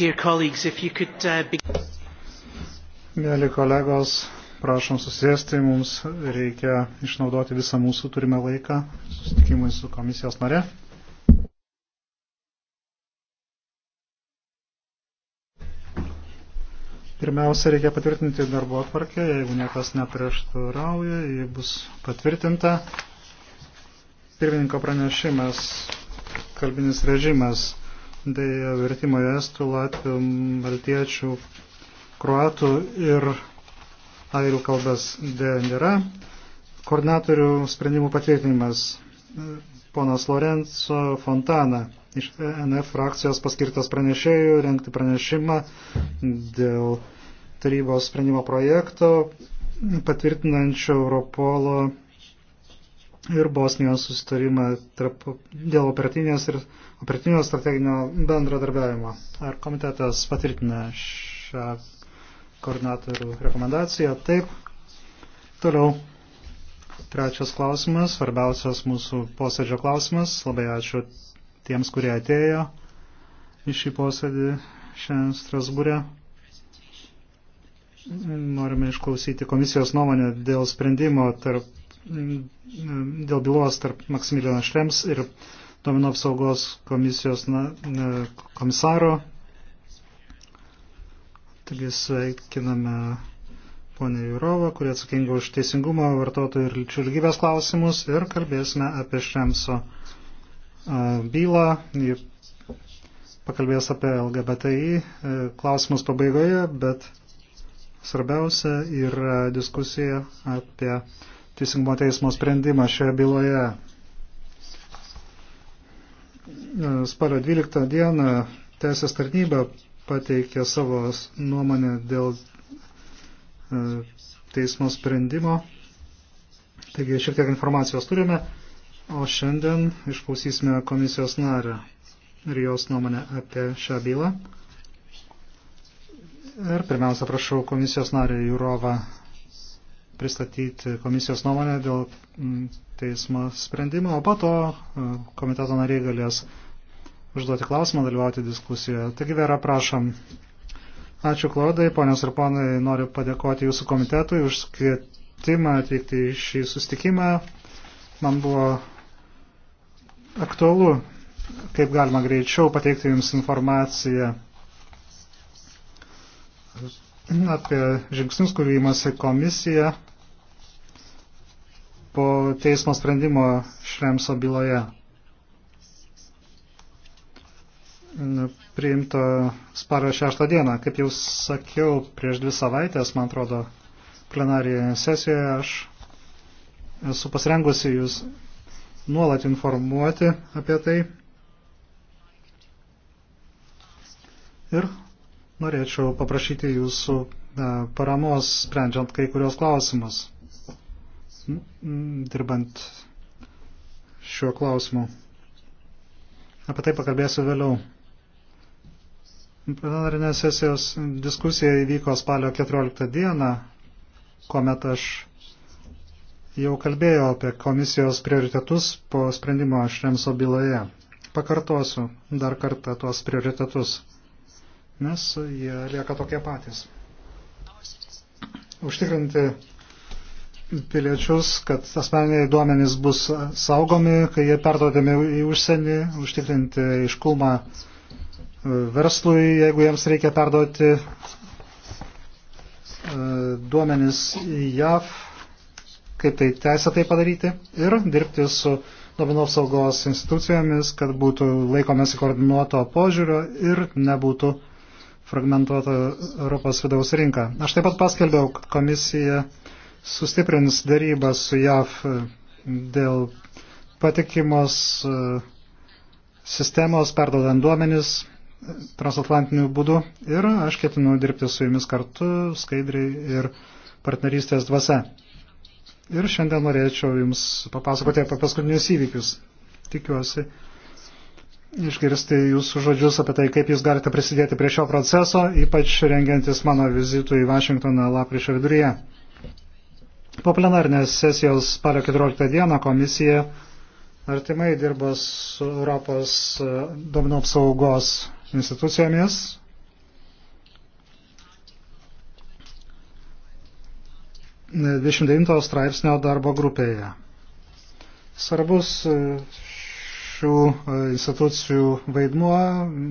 Dear colleagues, if you could uh, begin. Mėly kolegos, prašom susėsti, mums reikia išnaudoti visą mūsų turimą laiką susitikimui su komisijos nare. Pirmiausia, reikia patvirtinti darbo atvarkę, jeigu niekas neprieštarauja, ji bus patvirtinta. Pirmininko pranešimas, kalbinis režimas Deja, tai vertimo estų, latvių, maltiečių, kruatų ir airių kalbas dėja nėra. Koordinatorių sprendimų patvirtinimas. Ponas Lorenzo Fontana iš e NF frakcijos paskirtas pranešėjų renkti pranešimą dėl tarybos sprendimo projekto patvirtinančio Europolo ir Bosnijos susitarimą tarp, dėl operatinės ir operatinio strateginio bendradarbiavimo. Ar komitetas patvirtina šią koordinatorių rekomendaciją? Taip. Toliau. Trečias klausimas, svarbiausias mūsų posėdžio klausimas. Labai ačiū tiems, kurie atėjo į šį posėdį šiandien Strasbūrė. Norime išklausyti komisijos nuomonę dėl sprendimo tarp dėl bylos tarp Maksimiliano Šrems ir domino apsaugos komisijos na, komisaro. Taigi sveikiname ponę Jurovą, kurie atsakinga už teisingumą, vartotojų ir lyčių lygybės klausimus ir kalbėsime apie Šremso bylą. Ji pakalbės apie LGBTI e, klausimus pabaigoje, bet svarbiausia yra diskusija apie teisingumo teismo sprendimą šioje byloje. Spalio 12 dieną Teisės tarnyba pateikė savo nuomonę dėl e, teismo sprendimo. Taigi šiek tiek informacijos turime, o šiandien išklausysime komisijos narę ir jos nuomonę apie šią bylą. Ir pirmiausia, prašau komisijos narę Jūrovą pristatyti komisijos nuomonę dėl mm, teismo sprendimo, o po to e, komiteto nariai galės užduoti klausimą, dalyvauti diskusijoje. Taigi, Vera, prašom. Ačiū, Klaudai. Ponios ir ponai, noriu padėkoti jūsų komitetui už kvietimą atvykti į šį sustikimą. Man buvo aktualu, kaip galima greičiau pateikti jums informaciją apie žingsnius, kurių įmasi komisija po teismo sprendimo Šremso byloje. Priimto spalio 6 dieną. Kaip jau sakiau, prieš dvi savaitės, man atrodo, plenarijoje sesijoje aš esu pasirengusi jūs nuolat informuoti apie tai. Ir norėčiau paprašyti jūsų paramos sprendžiant kai kurios klausimus dirbant šiuo klausimu. Apie tai pakalbėsiu vėliau. Plenarinės sesijos diskusija įvyko spalio 14 dieną, kuomet aš jau kalbėjau apie komisijos prioritetus po sprendimo Šremso byloje. Pakartosiu dar kartą tuos prioritetus, nes jie lieka tokie patys. Užtikrinti piliečius, kad asmeniniai duomenys bus saugomi, kai jie perduodami į užsienį, užtikrinti iškumą e, verslui, jeigu jiems reikia perduoti e, duomenys į JAV, kaip tai teisė tai padaryti ir dirbti su duomenų apsaugos institucijomis, kad būtų laikomasi koordinuoto požiūrio ir nebūtų fragmentuota Europos vidaus rinka. Aš taip pat paskelbiau, kad komisija sustiprins darybas su JAV e, dėl patikimos e, sistemos, perdodant duomenis e, transatlantiniu būdu ir aš ketinu dirbti su jumis kartu skaidriai ir partnerystės dvasia. Ir šiandien norėčiau jums papasakoti apie paskutinius įvykius. Tikiuosi išgirsti jūsų žodžius apie tai, kaip jūs galite prisidėti prie šio proceso, ypač rengiantis mano vizitui į Vašingtoną lapkričio viduryje. Po plenarnės sesijos spalio 14 dieną komisija artimai dirbo su Europos e, duomenų apsaugos institucijomis. Ne 29 straipsnio darbo grupėje. Svarbus e, šių e, institucijų vaidmuo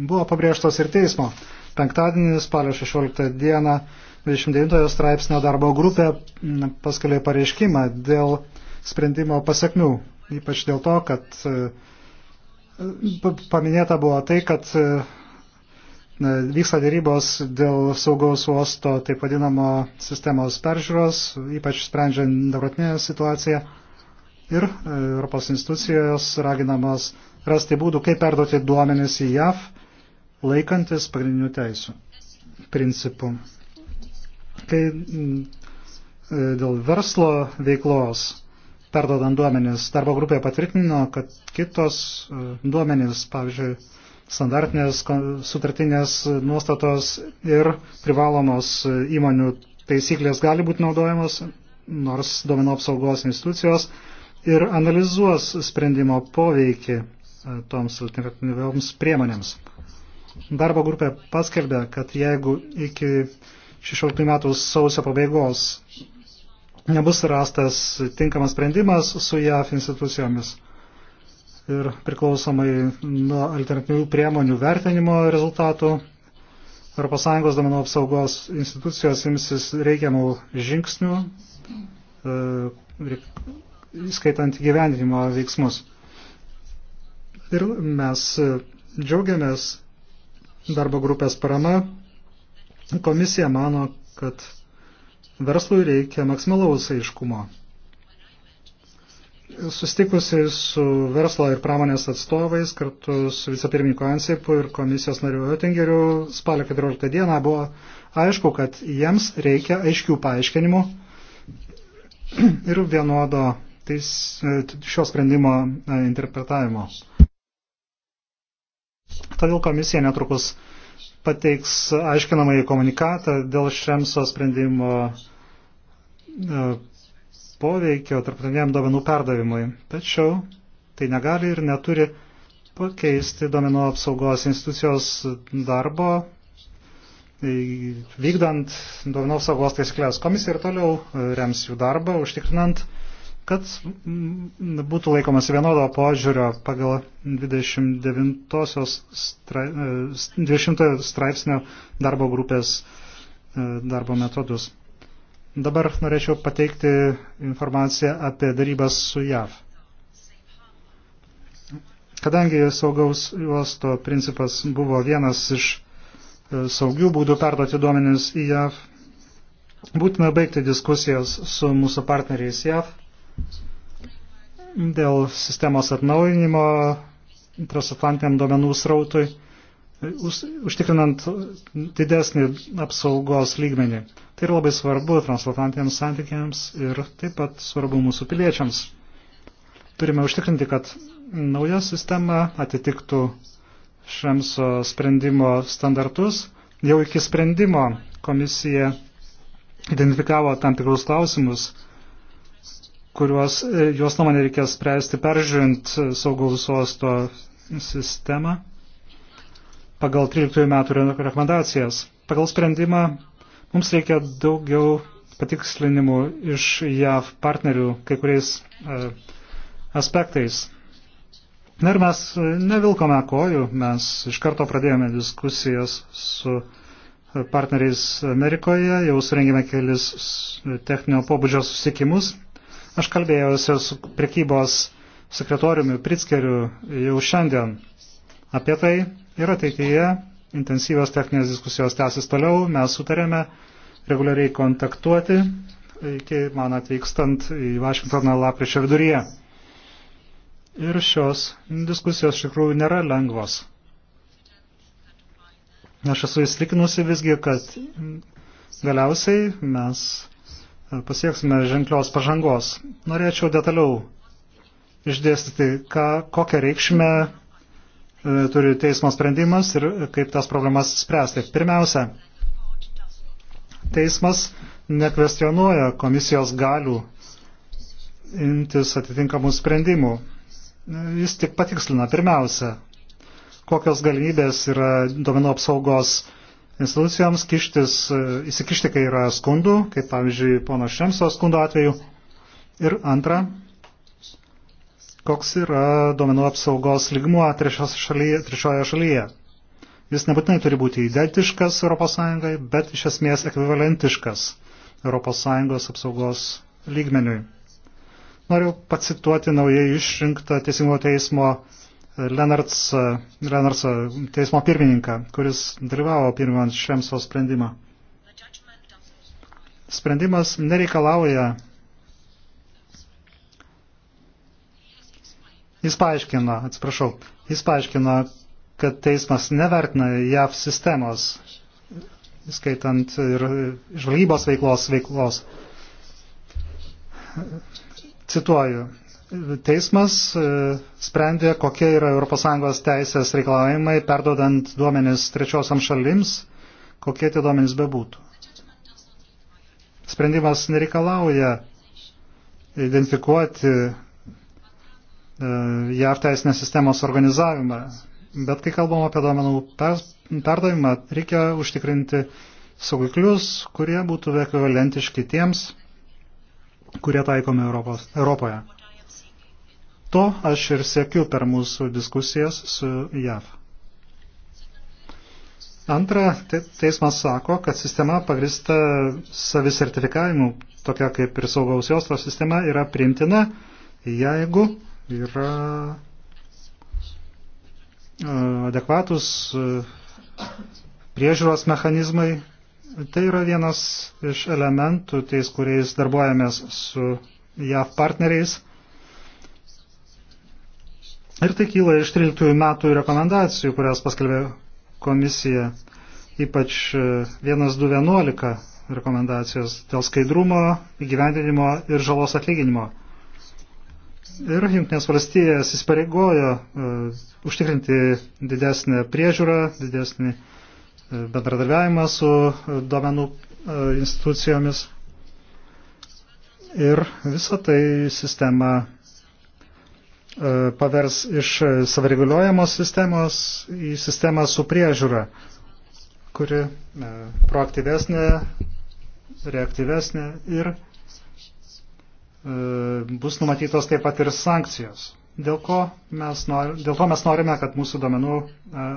buvo pabrėžtas ir teismo. Penktadienį spalio 16 dieną 29 straipsnio darbo grupė paskalė pareiškimą dėl sprendimo pasiekmių, ypač dėl to, kad e, paminėta buvo tai, kad e, vyksta dėrybos dėl saugaus uosto, taip vadinamo, sistemos peržiūros, ypač sprendžiant dabartinę situaciją. Ir e, Europos institucijos raginamos rasti būdų, kaip perduoti duomenis į JAV, laikantis pagrindinių teisų principų. Kai mm, e, dėl verslo veiklos perdodant duomenis, darbo grupė patvirtino, kad kitos e, duomenis, pavyzdžiui, standartinės sutartinės nuostatos ir privalomos įmonių taisyklės gali būti naudojamos, nors duomenų apsaugos institucijos ir analizuos sprendimo poveikį e, toms alternatyvioms priemonėms. Darbo grupė paskelbė, kad jeigu iki 16 metų sausio pabaigos nebus rastas tinkamas sprendimas su JAF institucijomis. Ir priklausomai nuo alternatyvių priemonių vertinimo rezultatų, ES domenų apsaugos institucijos imsis reikiamų žingsnių, e, skaitant gyvendinimo veiksmus. Ir mes džiaugiamės darbo grupės parama Komisija mano, kad verslui reikia maksimalaus aiškumo. Sustikusi su verslo ir pramonės atstovais kartu su vicepirmininku Ansipu ir komisijos nariu Oettingeriu spalio 14 dieną buvo aišku, kad jiems reikia aiškių paaiškinimų ir vienodo teis, šio sprendimo e, interpretavimo. Todėl komisija netrukus pateiks aiškinamąjį komunikatą dėl Šemso sprendimo e, poveikio tarptautiniam duomenų perdavimui. Tačiau tai negali ir neturi pakeisti duomenų apsaugos institucijos darbo, e, vykdant duomenų apsaugos taisyklės. Komisija ir toliau e, rems jų darbą, užtikrinant kad būtų laikomas vienodo požiūrio pagal 29 stra... 20 e, straipsnio darbo grupės e, darbo metodus. Dabar norėčiau pateikti informaciją apie darybas su JAV. Kadangi saugaus juosto principas buvo vienas iš e, saugių būdų perduoti duomenis į JAV, būtina baigti diskusijas su mūsų partneriais JAV dėl sistemos atnaujinimo transatlantiniam duomenų srautui, užtikrinant didesnį apsaugos lygmenį. Tai yra labai svarbu transatlantiniams santykiams ir taip pat svarbu mūsų piliečiams. Turime užtikrinti, kad nauja sistema atitiktų šemso sprendimo standartus. Jau iki sprendimo komisija identifikavo tam tikrus klausimus, kuriuos e, jos nuomonė reikės spręsti peržiūrint e, saugaus uosto sistemą pagal 13 metų rekomendacijas. Pagal sprendimą mums reikia daugiau patikslinimų iš JAV partnerių kai kuriais e, aspektais. Na ir mes e, nevilkome kojų, mes iš karto pradėjome diskusijas su partneriais Amerikoje, jau surengėme kelis techninio pobūdžio susitikimus Aš kalbėjausi su prekybos sekretoriumi Pritzkeriu jau šiandien apie tai ir ateityje intensyvios techninės diskusijos tęsis toliau. Mes sutarėme reguliariai kontaktuoti iki man atvykstant į Vašingtoną lapkričio viduryje. Ir šios diskusijos iš tikrųjų nėra lengvos. Aš esu įsitikinusi visgi, kad galiausiai mes pasieksime ženklios pažangos. Norėčiau detaliau išdėstyti, ką, kokią reikšmę e, turi teismo sprendimas ir kaip tas problemas spręsti. Pirmiausia, teismas nekvestionuoja komisijos galių imtis atitinkamų sprendimų. Jis tik patikslina pirmiausia, kokios galimybės yra domino apsaugos institucijoms kištis, e, įsikišti, kai yra skundų, kaip pavyzdžiui pono Šemso skundo atveju. Ir antra, koks yra duomenų apsaugos lygmuo šalyje, trečioje šalyje. Jis nebūtinai turi būti identiškas ES, bet iš esmės ekvivalentiškas ES apsaugos lygmeniui. Noriu pacituoti naujai išrinktą Teisingumo teismo Lenartsą, Lenartsą teismo pirmininką, kuris dalyvavo pirmant Švemso sprendimą. Sprendimas nereikalauja. Jis paaiškino, atsiprašau, jis paaiškino, kad teismas nevertina JAV sistemos, skaitant ir žvalgybos veiklos veiklos. Cituoju, teismas e, sprendė, kokie yra ES teisės reikalavimai, perdodant duomenis trečiosiam šalims, kokie tie duomenys bebūtų. Sprendimas nereikalauja identifikuoti e, JAV teisinės sistemos organizavimą, bet kai kalbam apie duomenų perdavimą, reikia užtikrinti saugiklius, kurie būtų ekvivalentiški tiems, kurie taikomi Europos, Europoje. To aš ir sėkiu per mūsų diskusijas su JAV. Antra, teismas sako, kad sistema pagrista savisertifikavimu, tokia kaip ir saugaus jaustos sistema, yra priimtina, jeigu yra adekvatus priežiūros mechanizmai. Tai yra vienas iš elementų, tais kuriais darbuojamės su JAV partneriais Ir tai kyla iš 13 metų rekomendacijų, kurias paskelbė komisija, ypač 1211 e, rekomendacijos dėl skaidrumo, įgyvendinimo ir žalos atlyginimo. Ir Junktinės valstijas įsipareigojo uh, užtikrinti didesnę priežiūrą, didesnį e, bendradarbiavimą su duomenų institucijomis. Ir visą tai sistema E, pavers iš savireguliuojamos sistemos į sistemą su priežiūra, kuri e, proaktyvesnė, reaktyvesnė ir e, bus numatytos taip pat ir sankcijos. Dėl, ko mes nor, dėl to mes norime, kad mūsų domenų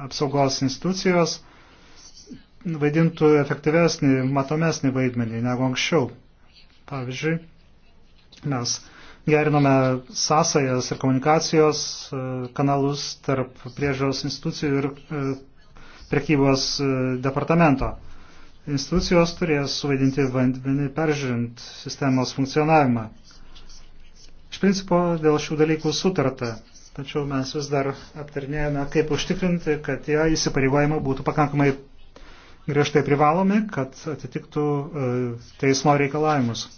apsaugos institucijos vaidintų efektyvesnį, matomesnį vaidmenį negu anksčiau. Pavyzdžiui, mes uh, gerinome sąsajas ir komunikacijos e, kanalus tarp priežiūros institucijų ir e, prekybos e, departamento. Institucijos turės suvaidinti vandenį peržiūrint sistemos funkcionavimą. Iš principo dėl šių dalykų sutarta, tačiau mes vis dar aptarnėjame, kaip užtikrinti, kad tie įsipareigojimai būtų pakankamai griežtai privalomi, kad atitiktų teismo reikalavimus.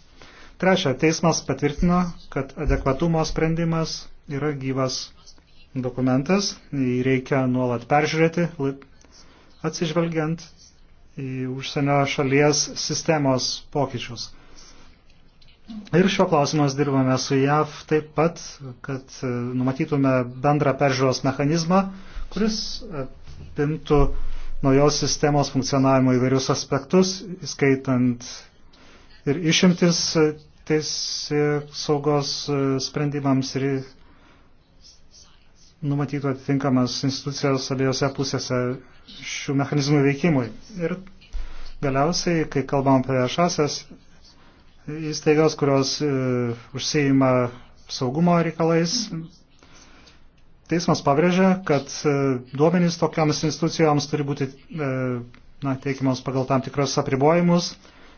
Trečia, teismas patvirtino, kad adekvatumo sprendimas yra gyvas dokumentas, jį reikia nuolat peržiūrėti, atsižvelgiant į užsienio šalies sistemos pokyčius. Ir šio klausimas dirbame su JAV taip pat, kad e, numatytume bendrą peržiūros mechanizmą, kuris apimtų naujos sistemos funkcionavimo įvairius aspektus, įskaitant ir išimtis teisė saugos e, sprendimams ir numatytų atitinkamas institucijos abiejose pusėse šių mechanizmų veikimui. Ir galiausiai, kai kalbam apie viešasias įstaigas, kurios e, užsieima saugumo reikalais, teismas pabrėžia, kad e, duomenys tokiams institucijoms turi būti e, na, teikiamos pagal tam tikras apribojimus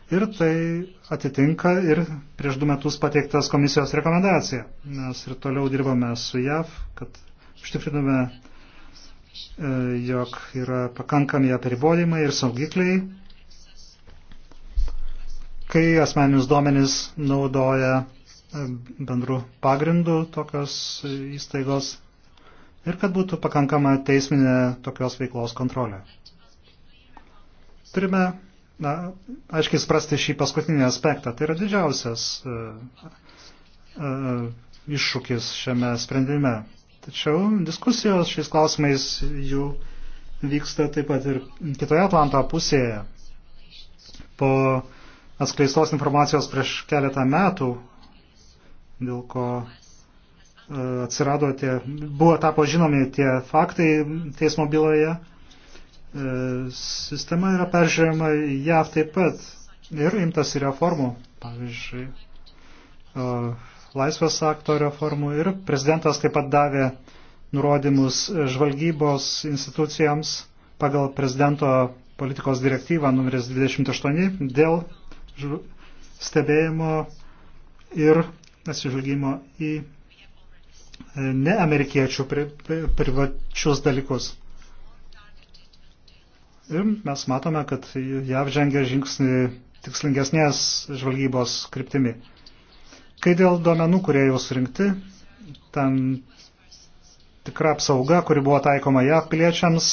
Ir tai atitinka ir prieš du metus pateiktas komisijos rekomendacija. Mes ir toliau dirbame su JAV, kad užtikriname, e, jog yra pakankami apribojimai ir saugikliai, kai asmeninius duomenys naudoja e, bendrų pagrindų tokios įstaigos ir kad būtų pakankama teisminė tokios veiklos kontrolė. Turime na, aiškiai sprasti šį paskutinį aspektą. Tai yra didžiausias uh, uh, iššūkis šiame sprendime. Tačiau diskusijos šiais klausimais jų vyksta taip pat ir kitoje Atlanto pusėje. Po atskleistos informacijos prieš keletą metų, dėl ko e, atsirado tie, buvo tapo žinomi tie faktai teismo byloje. E, sistema yra peržiūrėjama JAV taip pat ir imtas į reformų, pavyzdžiui, e, laisvės akto reformų ir prezidentas taip pat davė nurodymus žvalgybos institucijoms pagal prezidento politikos direktyvą numeris 28 dėl stebėjimo ir atsižvelgimo į e, neamerikiečių privačius dalykus. Ir mes matome, kad JAV žengia žingsnį tikslingesnės žvalgybos kryptimi. Kai dėl duomenų, kurie jau surinkti, ten tikra apsauga, kuri buvo taikoma JAV piliečiams,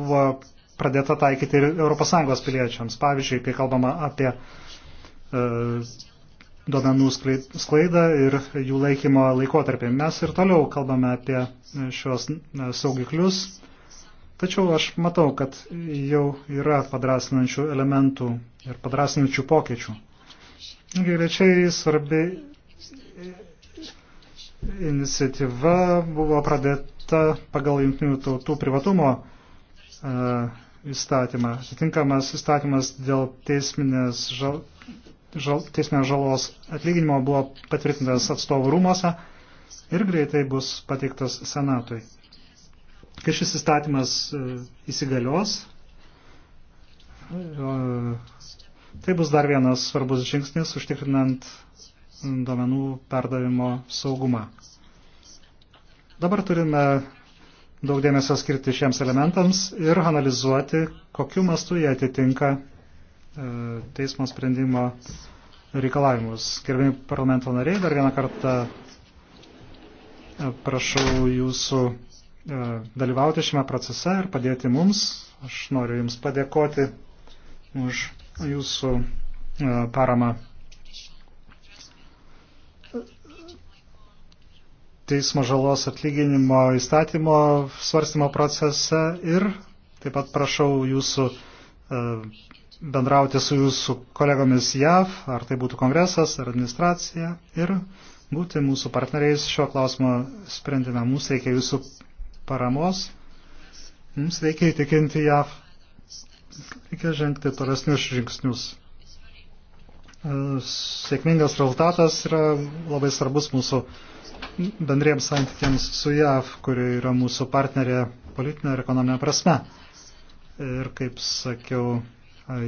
buvo pradėta taikyti ir ES piliečiams. Pavyzdžiui, kai kalbama apie e, duomenų sklaidą ir jų laikymo laikotarpį. Mes ir toliau kalbame apie šios e, saugiklius, Tačiau aš matau, kad jau yra padrasinančių elementų ir padrasinančių pokyčių. Greičiai svarbi iniciatyva buvo pradėta pagal jungtinių tautų privatumo e, įstatymą. Atitinkamas įstatymas dėl teisminės, žal, žal, teisminės žalos atlyginimo buvo patvirtintas atstovų rūmose ir greitai bus pateiktas senatui. Kai šis įstatymas e, įsigalios, e, tai bus dar vienas svarbus žingsnis užtikrinant duomenų perdavimo saugumą. Dabar turime daug dėmesio skirti šiems elementams ir analizuoti, kokiu mastu jie atitinka e, teismo sprendimo reikalavimus. Gerbimi parlamento nariai, dar vieną kartą prašau jūsų E, dalyvauti šiame procese ir padėti mums. Aš noriu Jums padėkoti už Jūsų e, paramą. Teismo žalos atlyginimo įstatymo svarstymo procese ir taip pat prašau Jūsų e, bendrauti su Jūsų kolegomis JAV, ar tai būtų kongresas ar administracija ir būti mūsų partneriais šio klausimo sprendime. Mums reikia Jūsų paramos, mums reikia įtikinti JAV, reikia žengti tolesnius žingsnius. E, sėkmingas rezultatas yra labai svarbus mūsų bendriems santykiams su JAV, kuri yra mūsų partnerė politinė ir ekonominė prasme. Ir kaip sakiau e,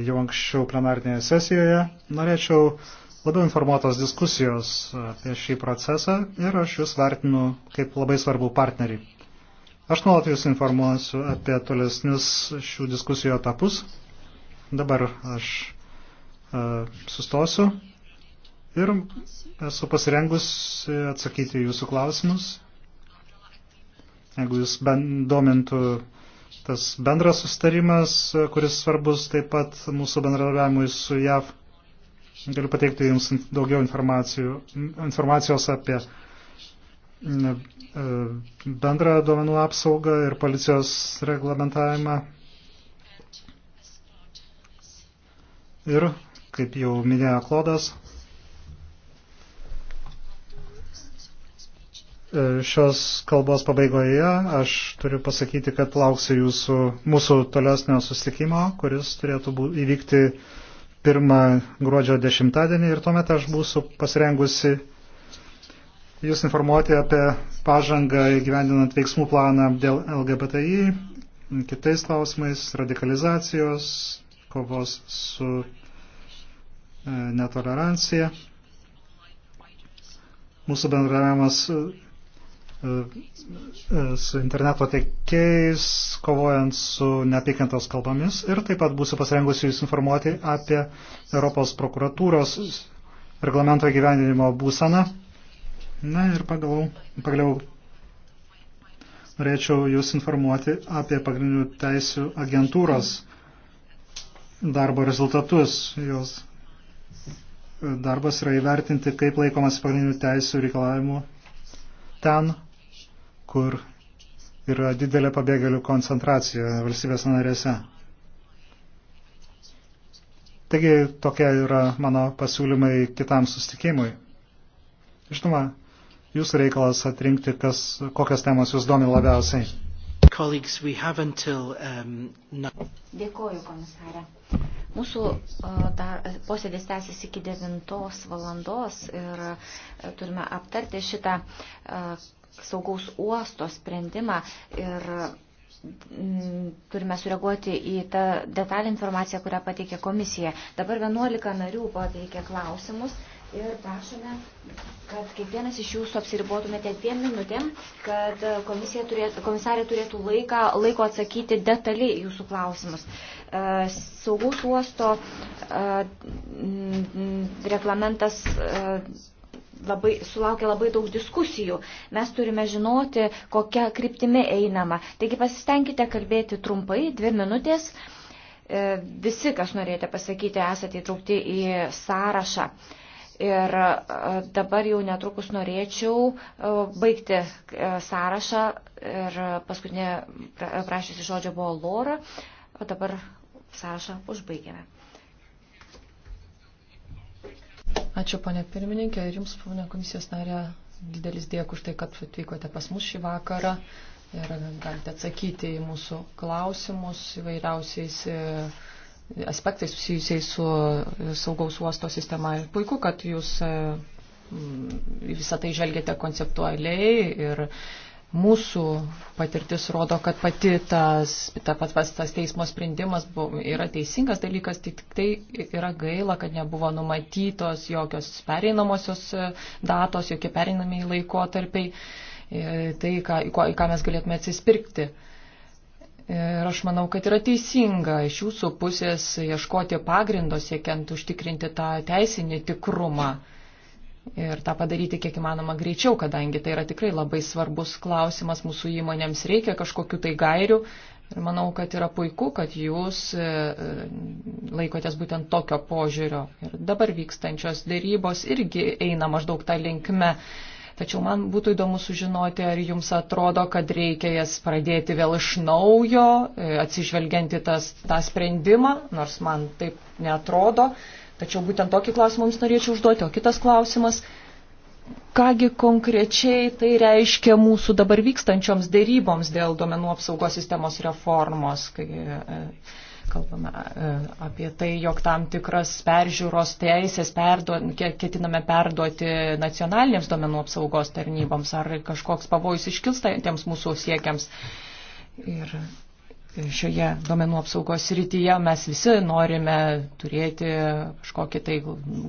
jau anksčiau plenarnėje sesijoje, norėčiau labiau informuotos diskusijos apie šį procesą ir aš jūs vertinu kaip labai svarbų partnerį. Aš nuolat jūs informuosiu apie tolesnius šių diskusijų etapus. Dabar aš uh, sustosiu ir esu pasirengus atsakyti jūsų klausimus. Jeigu jūs domintų tas bendras sustarimas, kuris svarbus taip pat mūsų bendradarbiavimui su JAV, galiu pateikti jums daugiau informacijos apie bendrą duomenų apsaugą ir policijos reglamentavimą. Ir, kaip jau minėjo Klodas, e, šios kalbos pabaigoje aš turiu pasakyti, kad lauksiu jūsų, mūsų tolesnio susitikimo, kuris turėtų bū, įvykti pirmą gruodžio dešimtadienį ir tuomet aš būsiu pasirengusi jūs informuoti apie pažangą įgyvendinant veiksmų planą dėl LGBTI, kitais klausimais, radikalizacijos, kovos su e, netolerancija. Mūsų bendravimas e, e, su interneto tiekėjais, kovojant su neapykantos kalbomis ir taip pat būsiu pasirengusi jūs informuoti apie Europos prokuratūros reglamento gyvendinimo būseną. Na ir pagaliau, pagaliau norėčiau Jūs informuoti apie pagrindinių teisų agentūros darbo rezultatus. Jos darbas yra įvertinti, kaip laikomas pagrindinių teisų reikalavimų ten, kur yra didelė pabėgėlių koncentracija valstybės narėse. Taigi tokie yra mano pasiūlymai kitam sustikimui. Žinoma, Jūsų reikalas atrinkti, kas, kokias temos jūs domi labiausiai. Colleagues, we have until, um, no... Nu- Dėkoju, komisarė. Mūsų uh, dar, posėdis tęsis iki 9 valandos ir uh, turime aptarti šitą uh, saugaus uosto sprendimą ir mm, turime sureaguoti į tą detalę informaciją, kurią pateikė komisija. Dabar 11 narių pateikė klausimus ir prašome, kad kiekvienas iš jūsų apsiribotumėte dviem minutėm, kad turėtų, komisarė turėtų laiką, laiko atsakyti detaliai jūsų klausimus. E, Saugus uosto e, reglamentas e, labai, sulaukia labai daug diskusijų. Mes turime žinoti, kokia kryptimi einama. Taigi pasistengkite kalbėti trumpai, dvi minutės. Visi, kas norėjote pasakyti, esate įtraukti į sąrašą. Ir e, dabar jau netrukus norėčiau e, baigti e, sąrašą ir paskutinė prašysi žodžio buvo Lora, o dabar sąrašą užbaigėme. Ačiū, ponė pirmininkė, ir jums, ponė komisijos narė, didelis dėkui už tai, kad atvykote pas mus šį vakarą ir galite atsakyti į mūsų klausimus įvairiausiais aspektais susijusiais su e, saugaus uosto sistema. Puiku, kad jūs e, visą tai žvelgiate konceptualiai ir mūsų patirtis rodo, kad pati tas, ta, pat, pas, tas teismo sprendimas buvo, yra teisingas dalykas, tik tai yra gaila, kad nebuvo numatytos jokios pereinamosios e, datos, jokie pereinamieji laikotarpiai, tai, ką, į ką mes galėtume atsispirkti. Ir aš manau, kad yra teisinga iš jūsų pusės ieškoti pagrindo siekiant užtikrinti tą teisinį tikrumą. Ir tą padaryti kiek įmanoma greičiau, kadangi tai yra tikrai labai svarbus klausimas mūsų įmonėms, reikia kažkokių tai gairių. Ir manau, kad yra puiku, kad jūs e, e, laikotės būtent tokio požiūrio. Ir dabar vykstančios dėrybos irgi eina maždaug tą linkme. Tačiau man būtų įdomu sužinoti, ar jums atrodo, kad reikia jas pradėti vėl iš naujo, e, atsižvelgianti tas, tą sprendimą, nors man taip netrodo. Tačiau būtent tokį klausimą jums norėčiau užduoti. O kitas klausimas kągi konkrečiai tai reiškia mūsų dabar vykstančioms dėryboms dėl duomenų apsaugos sistemos reformos. Kai, e, Kalbame e, apie tai, jog tam tikras peržiūros teisės perduo, ketiname perduoti nacionalinėms domenų apsaugos tarnyboms, ar kažkoks pavojus iškilstantiems mūsų siekiams. Ir šioje domenų apsaugos srityje mes visi norime turėti kažkokį tai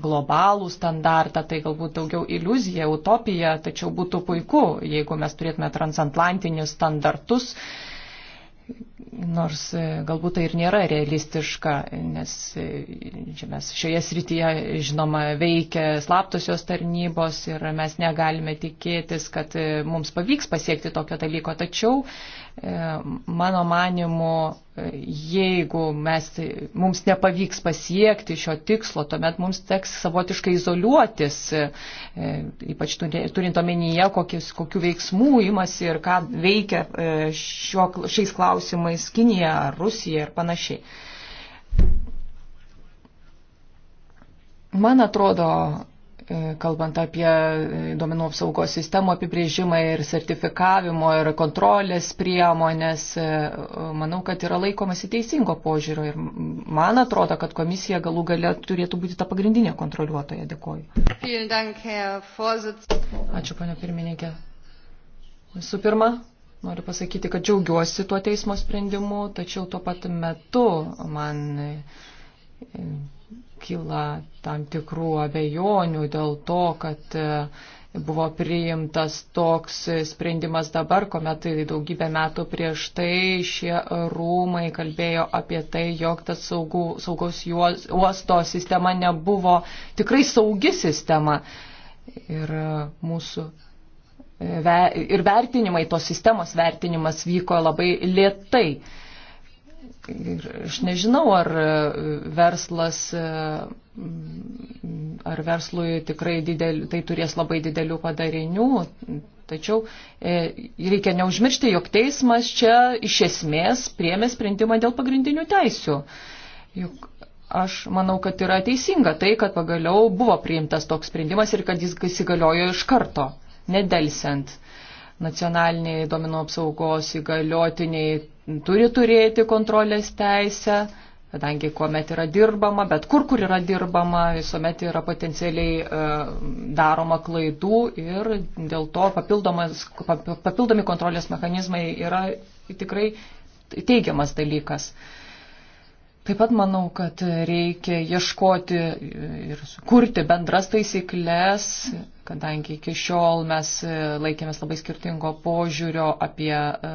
globalų standartą, tai galbūt daugiau iliuzija, utopija, tačiau būtų puiku, jeigu mes turėtume transatlantinius standartus Nors e, galbūt tai ir nėra realistiška, nes e, mes šioje srityje, žinoma, veikia slaptosios tarnybos ir mes negalime tikėtis, kad e, mums pavyks pasiekti tokio dalyko. Tačiau E, mano manimu, e, jeigu mes, mums nepavyks pasiekti šio tikslo, tuomet mums teks savotiškai izoliuotis, e, ypač turint omenyje, kokius, kokių veiksmų imasi ir ką veikia šio, šiais klausimais Kinija ar Rusija ir panašiai. Man atrodo, E, kalbant apie e, duomenų apsaugos sistemų apibrėžimą ir sertifikavimo ir kontrolės priemonės, e, manau, kad yra laikomasi teisingo požiūrio ir man atrodo, kad komisija galų gale turėtų būti ta pagrindinė kontroliuotoja. Dėkoju. Ačiū, ponia pirmininkė. Visų pirma, noriu pasakyti, kad džiaugiuosi tuo teismo sprendimu, tačiau tuo pat metu man kyla tam tikrų abejonių dėl to, kad e, buvo priimtas toks sprendimas dabar, kuomet tai daugybę metų prieš tai šie rūmai kalbėjo apie tai, jog tas saugų, saugaus uosto sistema nebuvo tikrai saugi sistema. Ir e, mūsų e, ir vertinimai, tos sistemos vertinimas vyko labai lietai aš nežinau, ar e, verslas, e, ar verslui tikrai didel, tai turės labai didelių padarinių, tačiau e, reikia neužmiršti, jog teismas čia iš esmės priemė sprendimą dėl pagrindinių teisių. Juk aš manau, kad yra teisinga tai, kad pagaliau buvo priimtas toks sprendimas ir kad jis įsigaliojo iš karto, nedelsiant. Nacionaliniai domino apsaugos įgaliotiniai turi turėti kontrolės teisę, kadangi kuomet yra dirbama, bet kur, kur yra dirbama, visuomet yra potencialiai e, daroma klaidų ir dėl to papildomi kontrolės mechanizmai yra tikrai teigiamas dalykas. Taip pat manau, kad reikia ieškoti ir sukurti bendras taisyklės, kadangi iki šiol mes e, laikėmės labai skirtingo požiūrio apie e,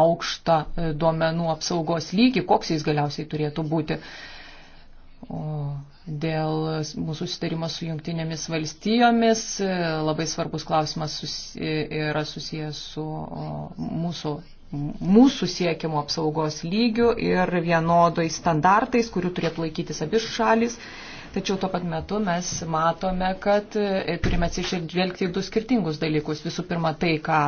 aukštą e, duomenų apsaugos lygį, koks jis galiausiai turėtų būti. O dėl mūsų susitarimo su jungtinėmis valstijomis labai svarbus klausimas susi yra susijęs su mūsų mūsų siekiamų apsaugos lygių ir vienodais standartais, kurių turėtų laikytis abi šalis. Uh, Tačiau tuo pat metu mes matome, kad e, turime atsižvelgti į du skirtingus dalykus. Visų pirma, tai, ką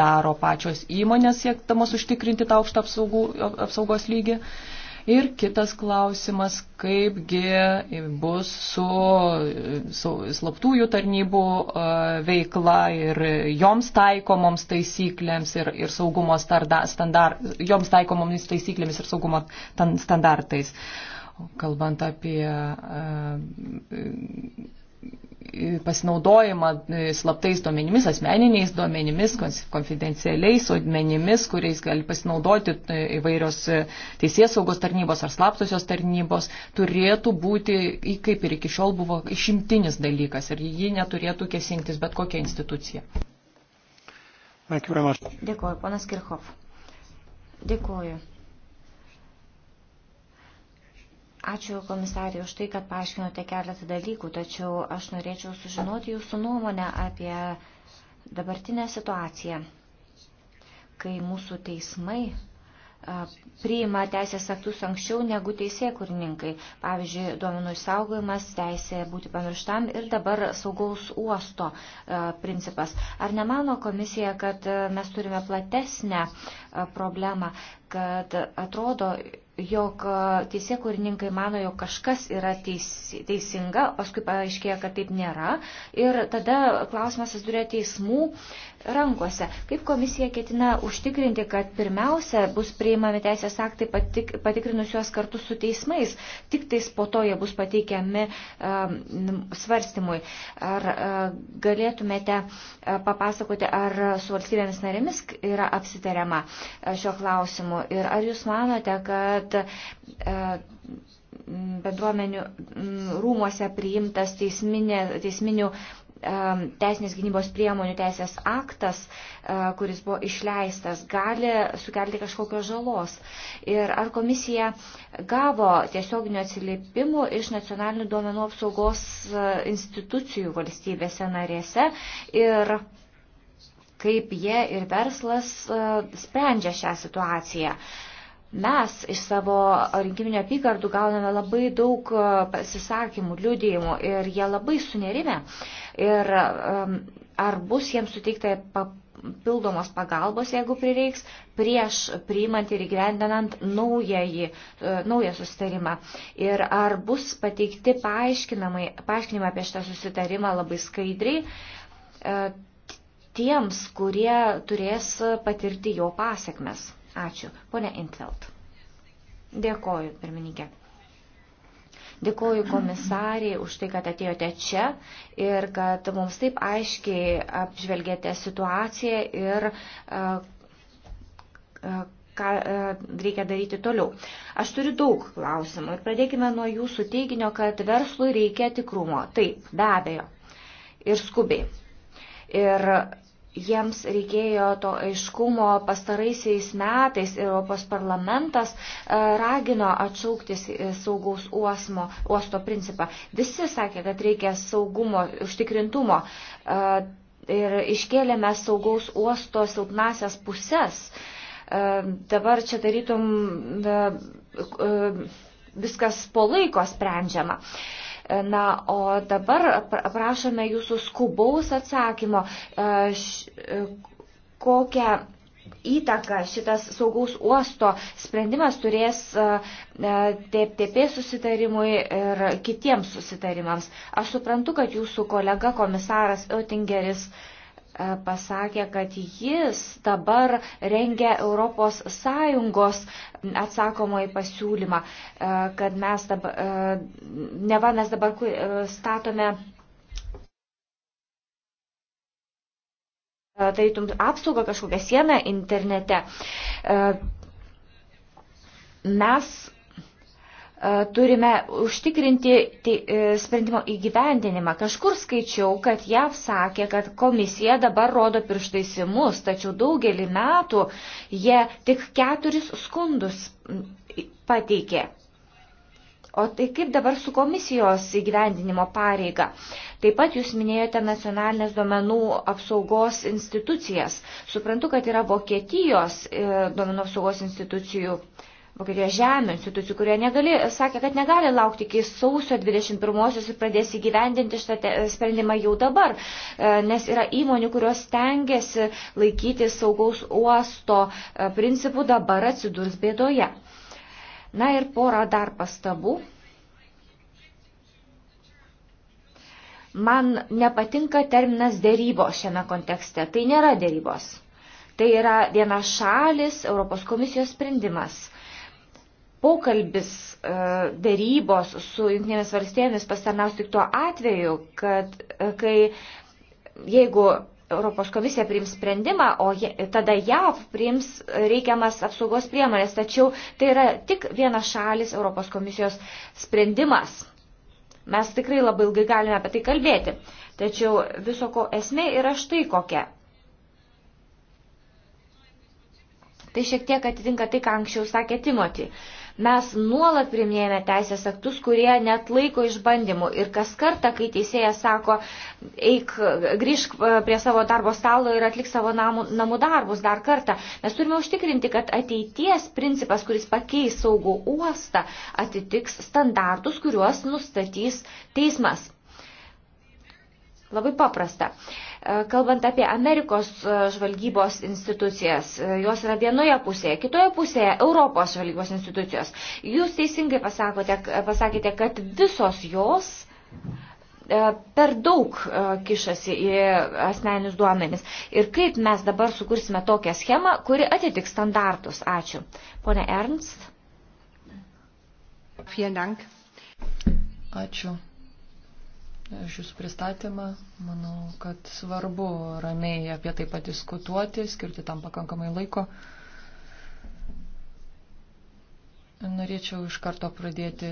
daro pačios įmonės, siektamos užtikrinti tą aukštą apsaugų, apsaugos lygį. Ir kitas klausimas, kaipgi bus su, su slaptųjų tarnybų e, veikla ir joms taikomoms taisyklėms ir, ir saugumo standart, joms taikomoms taisyklėmis ir saugumo standartais kalbant apie e, pasinaudojimą e, slaptais duomenimis, asmeniniais duomenimis, konfidencialiais duomenimis, kuriais gali pasinaudoti e, įvairios teisės saugos tarnybos ar slaptosios tarnybos, turėtų būti, kaip ir iki šiol buvo, išimtinis dalykas ir ji neturėtų kėsintis bet kokia institucija. Dėkuoju, panas Kirchhoff. Dėkuoju. Ačiū komisarė už tai, kad paaiškinote keletą dalykų, tačiau aš norėčiau sužinoti jūsų nuomonę apie dabartinę situaciją, kai mūsų teismai priima teisės aktus anksčiau negu teisėkurininkai. Pavyzdžiui, duomenų išsaugojimas, teisė būti pamirštam ir dabar saugaus uosto principas. Ar nemano komisija, kad mes turime platesnę problemą, kad atrodo jog e, teisėkurininkai mano, jog kažkas yra teis, teisinga, paskui paaiškėja, kad taip nėra. Ir tada klausimas atsidūrė teismų rankose. Kaip komisija ketina užtikrinti, kad pirmiausia bus priimami teisės aktai patik, patikrinus juos kartu su teismais, tik tais po to jie bus pateikiami um, svarstymui. Ar uh, galėtumėte uh, papasakoti, ar su valstybėmis narėmis yra apsitariama uh, šio klausimu ir ar jūs manote, kad uh, bendruomenių rūmuose priimtas teisminė, teisminių Um, teisinės gynybos priemonių teisės aktas, uh, kuris buvo išleistas, gali sukelti kažkokios žalos. Ir ar komisija gavo tiesioginių atsiliepimų iš nacionalinių duomenų apsaugos uh, institucijų valstybėse narėse ir kaip jie ir verslas uh, sprendžia šią situaciją. Uh, Mes iš savo rinkiminio apygardų gauname labai daug e, pasisakymų, liūdėjimų ir jie labai sunerime. Ir ar bus jiems suteikta papildomos pagalbos, jeigu prireiks, prieš priimant ir įgyvendinant naująjį, e, naują susitarimą. Ir ar bus pateikti paaiškinimai apie šitą susitarimą labai skaidriai e, tiems, kurie turės patirti jo pasiekmes. Ačiū. Pone Intelt. Dėkoju, pirmininkė. Dėkoju komisariai už tai, kad atėjote čia ir kad mums taip aiškiai apžvelgėte situaciją ir e, e, ką e, reikia daryti toliau. Aš turiu daug klausimų ir pradėkime nuo jūsų teiginio, kad verslui reikia tikrumo. Taip, be abejo. Ir skubiai. Ir jiems reikėjo to aiškumo pastaraisiais metais ir Europos parlamentas e, ragino atšaukti e, saugaus uosmo, uosto principą. Visi sakė, kad reikia saugumo, užtikrintumo. E, ir iškėlėme saugaus uosto silpnasias puses. Dabar čia tarytum viskas po laiko sprendžiama. Uh, Na, o dabar prašome jūsų skubaus atsakymo, e, e, kokią įtaką šitas saugaus uosto sprendimas turės e, TPP susitarimui ir kitiems susitarimams. Aš suprantu, kad jūsų kolega komisaras Oettingeris uh, E, pasakė, kad jis dabar rengia ES atsakomą į pasiūlymą, e, kad mes dabar, e, neva mes dabar statome tarytum apsaugą kažkokią sieną internete. Mes E, turime užtikrinti e, sprendimo įgyvendinimą. Kažkur skaičiau, kad JAV sakė, kad komisija dabar rodo pirštais į mus, tačiau daugelį metų jie tik keturis skundus pateikė. O tai kaip dabar su komisijos įgyvendinimo pareiga? Taip pat jūs minėjote nacionalinės duomenų apsaugos institucijas. Suprantu, kad yra Vokietijos e, duomenų apsaugos institucijų uh, Vokietijos žemė institucijų, kurie negali, sakė, kad negali laukti iki sausio 21-osios ir pradės įgyvendinti šitą sprendimą jau dabar, e, nes yra įmonių, kurios stengiasi laikyti saugaus uosto e, principų dabar atsidurs bėdoje. Na ir pora dar pastabų. Man nepatinka terminas dėrybos šiame kontekste. Tai nėra dėrybos. Tai yra viena šalis Europos komisijos sprendimas pokalbis, e, dėrybos su jungtinėmis valstybėmis pasitarnaus tik tuo atveju, kad e, kai jeigu Europos komisija priims sprendimą, o je, tada JAV priims reikiamas apsaugos priemonės, tačiau tai yra tik vienas šalis Europos komisijos sprendimas. Mes tikrai labai ilgai galime apie tai kalbėti, tačiau viso ko esmė yra štai kokia. Tai šiek tiek atitinka tai, ką anksčiau sakė Timoti. Uh, Mes nuolat priminėjame teisės aktus, kurie net laiko išbandymų. Ir kas kartą, kai teisėjas sako, eik, grįžk e, prie savo darbo stalo ir atlik savo namų, namų darbus dar kartą, mes turime užtikrinti, kad ateities principas, kuris pakeis saugų uostą, atitiks standartus, kuriuos nustatys teismas. Labai paprasta. Uh, E, kalbant apie Amerikos e, žvalgybos institucijas, e, jos yra vienoje pusėje, kitoje pusėje Europos žvalgybos institucijos. Jūs teisingai pasakote, pasakėte, kad visos jos per daug kišasi į asmeninius duomenis. Ir kaip mes dabar sukursime tokią schemą, kuri atitiks standartus. Ačiū. Pone Ernst. Vielen Dank. Ačiū už Jūsų pristatymą. Manau, kad svarbu ramiai apie tai padiskutuoti, skirti tam pakankamai laiko. Norėčiau iš karto pradėti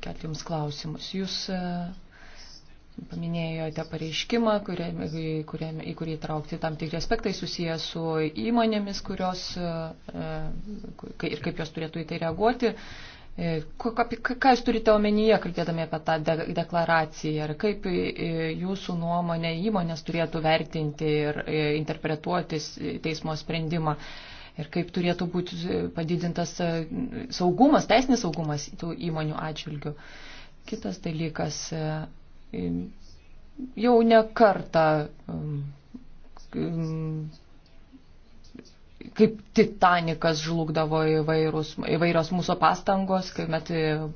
kelti Jums klausimus. Jūs e, paminėjote pareiškimą, kuriame, kuriame, į kurį traukti tam tikri aspektai susiję su įmonėmis, kurios e, ir kaip jos turėtų į tai reaguoti. E, ką jūs turite omenyje, kalbėdami apie tą de deklaraciją ir kaip e, jūsų nuomonė įmonės turėtų vertinti ir e, interpretuoti teismo sprendimą ir kaip turėtų būti padidintas saugumas, teisinis saugumas tų įmonių atžvilgių. Kitas dalykas, jau ne kartą kaip Titanikas žlugdavo įvairūs, įvairios mūsų pastangos, kai met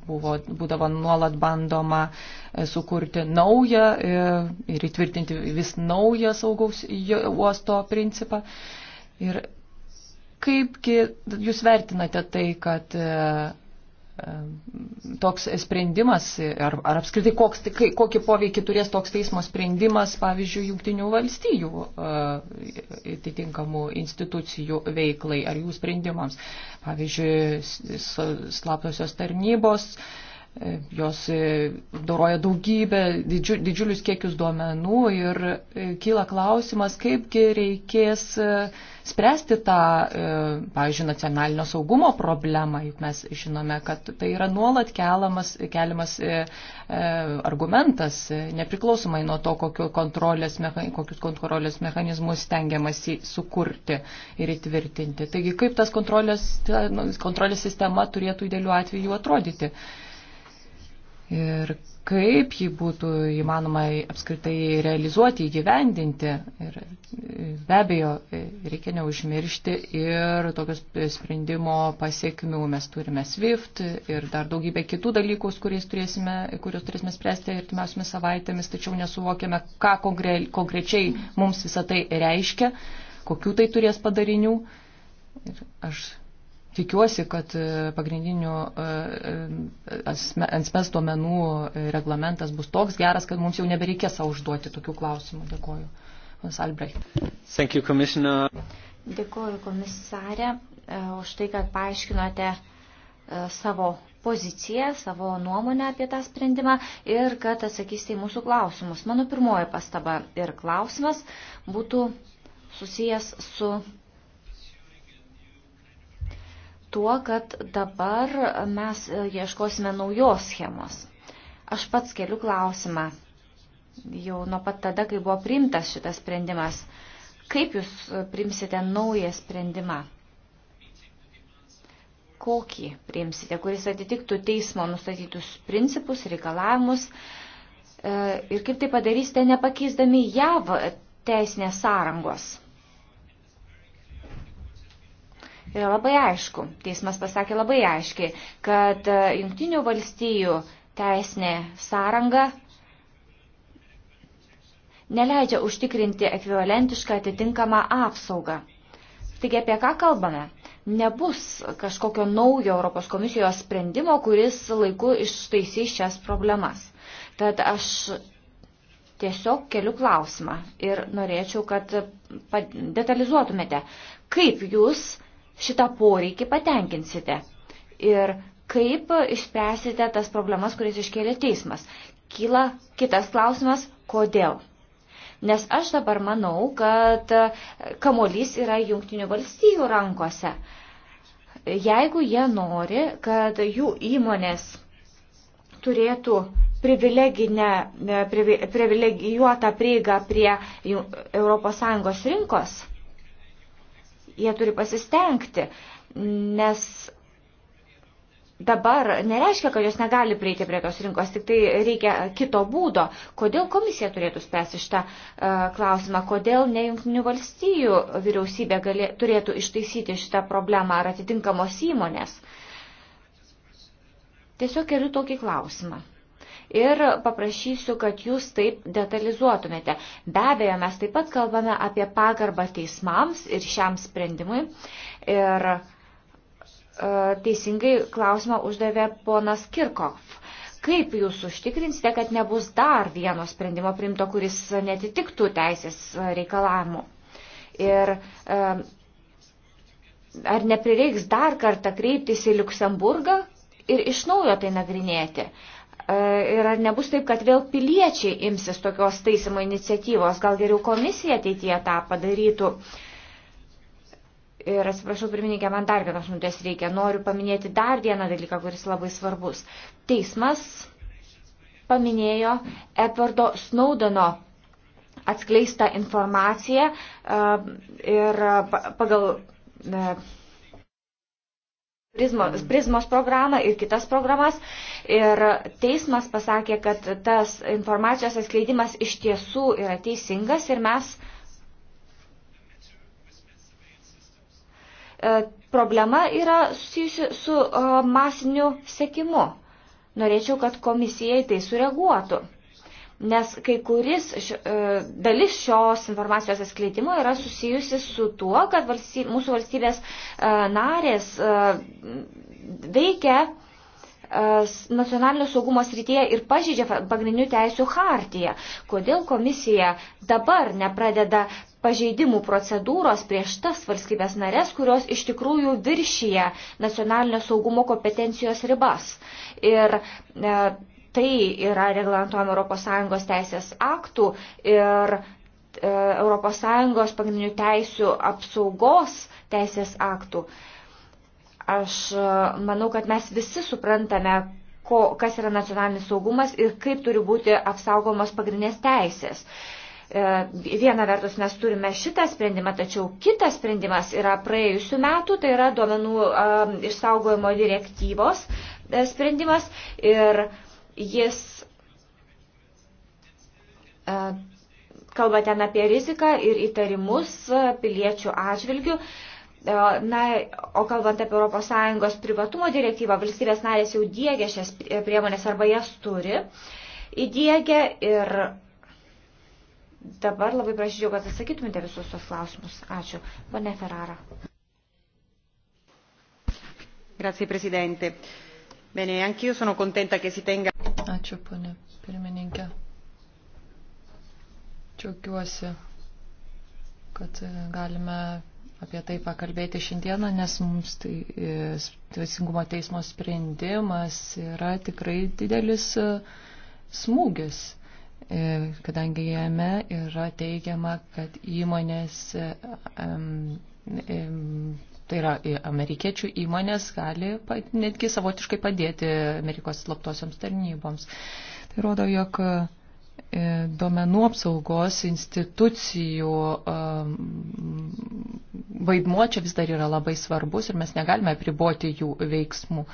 buvo, būdavo nuolat bandoma e, sukurti naują e, ir įtvirtinti vis naują saugaus uosto principą. Ir kaipgi jūs vertinate tai, kad e, toks sprendimas, ar, ar apskritai koks, kokį poveikį turės toks teismo sprendimas, pavyzdžiui, jungtinių valstybių e, atitinkamų institucijų veiklai ar jų sprendimams. Pavyzdžiui, slaptosios tarnybos. A, Jos e, doroja daugybę, didžiu, didžiulius kiekius duomenų ir e, kyla klausimas, kaipgi reikės e, spręsti tą, pavyzdžiui, nacionalinio saugumo problemą. Juk mes žinome, kad tai yra nuolat keliamas, keliamas argumentas, nepriklausomai nuo to, kontrolės, kokius kontrolės mechanizmus stengiamasi sukurti ir įtvirtinti. Taigi, kaip tas kontrolės, nu, kontrolės sistema turėtų idealiu atveju atrodyti ir kaip jį būtų įmanoma apskritai realizuoti, įgyvendinti. Ir be abejo, reikia neužmiršti ir tokios sprendimo pasiekmių. Mes turime SWIFT ir dar daugybę kitų dalykų, kuriuos turėsime, kuriuos turėsime spręsti artimiausiamis savaitėmis, tačiau nesuvokiame, ką konkre, konkrečiai mums visą tai reiškia, kokių tai turės padarinių. Ir aš Tikiuosi, kad e, pagrindinių e, e, ansmes duomenų reglamentas bus toks geras, kad mums jau nebereikės savo užduoti tokių klausimų. Dėkoju. Mas Albrecht. Thank you, Commissioner. Dėkoju komisarė už tai, kad paaiškinote savo poziciją, savo nuomonę apie tą sprendimą ir kad atsakysite į mūsų klausimus. Mano pirmoji pastaba ir klausimas būtų susijęs su tuo, kad dabar mes e, ieškosime naujos schemos. Aš pats keliu klausimą jau nuo pat tada, kai buvo priimtas šitas sprendimas. Kaip jūs e, priimsite naują sprendimą? Kokį priimsite, kuris atitiktų teismo nustatytus principus, reikalavimus e, ir kaip tai padarysite nepakeisdami JAV teisinės sąrangos? yra labai aišku. Teismas pasakė labai aiškiai, kad e, jungtinių valstijų teisinė sąranga neleidžia užtikrinti ekvivalentišką atitinkamą apsaugą. Taigi apie ką kalbame? Nebus kažkokio naujo Europos komisijos sprendimo, kuris laiku ištaisys šias problemas. Tad aš tiesiog keliu klausimą ir norėčiau, kad detalizuotumėte, kaip jūs šitą poreikį patenkinsite ir kaip išspręsite tas problemas, kuris iškėlė teismas. Kyla kitas klausimas, kodėl? Nes aš dabar manau, kad kamolys yra jungtinių valstybių rankose. Jeigu jie nori, kad jų įmonės turėtų privilegijuotą prieigą prie ES rinkos, jie turi pasistengti, nes dabar nereiškia, kad jos negali prieiti prie tos rinkos, tik tai reikia kito būdo. Kodėl komisija turėtų spręsti šitą uh, klausimą, kodėl ne jungtinių valstijų vyriausybė galė, turėtų ištaisyti šitą problemą ar atitinkamos įmonės. Tiesiog keliu tokį klausimą ir paprašysiu, kad jūs taip detalizuotumėte. Be abejo, mes taip pat kalbame apie pagarbą teismams ir šiam sprendimui. Ir e, teisingai klausimą uždavė ponas Kirkov. Kaip jūs užtikrinsite, kad nebus dar vieno sprendimo primto, kuris netitiktų teisės reikalavimų? Ir e, ar neprireiks dar kartą kreiptis į Luksemburgą ir iš naujo tai nagrinėti? E, ir ar nebus taip, kad vėl piliečiai imsis tokios taisymo iniciatyvos, gal geriau komisija ateityje tą padarytų. Ir atsiprašau, pirmininkė, man dar vienos minutės reikia. Noriu paminėti dar vieną dalyką, kuris labai svarbus. Teismas paminėjo Edvardo Snowdono atskleistą informaciją e, ir e, pagal prizmos, prizmos programą ir kitas programas. Ir teismas pasakė, kad tas informacijos atskleidimas iš tiesų yra teisingas ir mes e, problema yra susijusi su e, masiniu sekimu. Norėčiau, kad komisija į tai sureaguotų nes kai kuris šio, e, dalis šios informacijos atskleidimo yra susijusi su tuo, kad valstyb, mūsų valstybės e, narės e, veikia nacionalinio saugumo srityje ir pažydžia pagrindinių teisų hartiją. Kodėl komisija dabar nepradeda pažeidimų procedūros prieš tas valstybės narės, kurios iš tikrųjų viršyje nacionalinio saugumo kompetencijos ribas. Ir e, tai yra reglamentuojama ES teisės aktų ir ES pagrindinių teisių apsaugos teisės aktų. Aš e, manau, kad mes visi suprantame, ko, kas yra nacionalinis saugumas ir kaip turi būti apsaugomos pagrindinės teisės. E, viena vertus mes turime šitą sprendimą, tačiau kitas sprendimas yra praėjusių metų, tai yra duomenų e, išsaugojimo direktyvos sprendimas ir uh, Jis e, kalba ten apie riziką ir įtarimus e, piliečių atžvilgių. E, na, o kalbant apie ES privatumo direktyvą, valstybės narės jau diegia šias priemonės arba jas turi įdiegia ir dabar labai prašyčiau, kad atsakytumėte visus tos klausimus. Ačiū. Pane Ferrara. Grazie, Presidente. Bene, anch'io sono contenta che si tenga. Ačiū, ponė pirmininkė. Čiaukiuosi, kad galime apie tai pakalbėti šiandieną, nes mums tai e, teisingumo teismo sprendimas yra tikrai didelis e, smūgis e, kadangi jame yra teigiama, kad įmonės Tai yra, amerikiečių įmonės gali netgi savotiškai padėti Amerikos slaptosioms tarnyboms. Tai rodo, jog duomenų apsaugos institucijų vaidmuo čia vis dar yra labai svarbus ir mes negalime priboti jų veiksmų.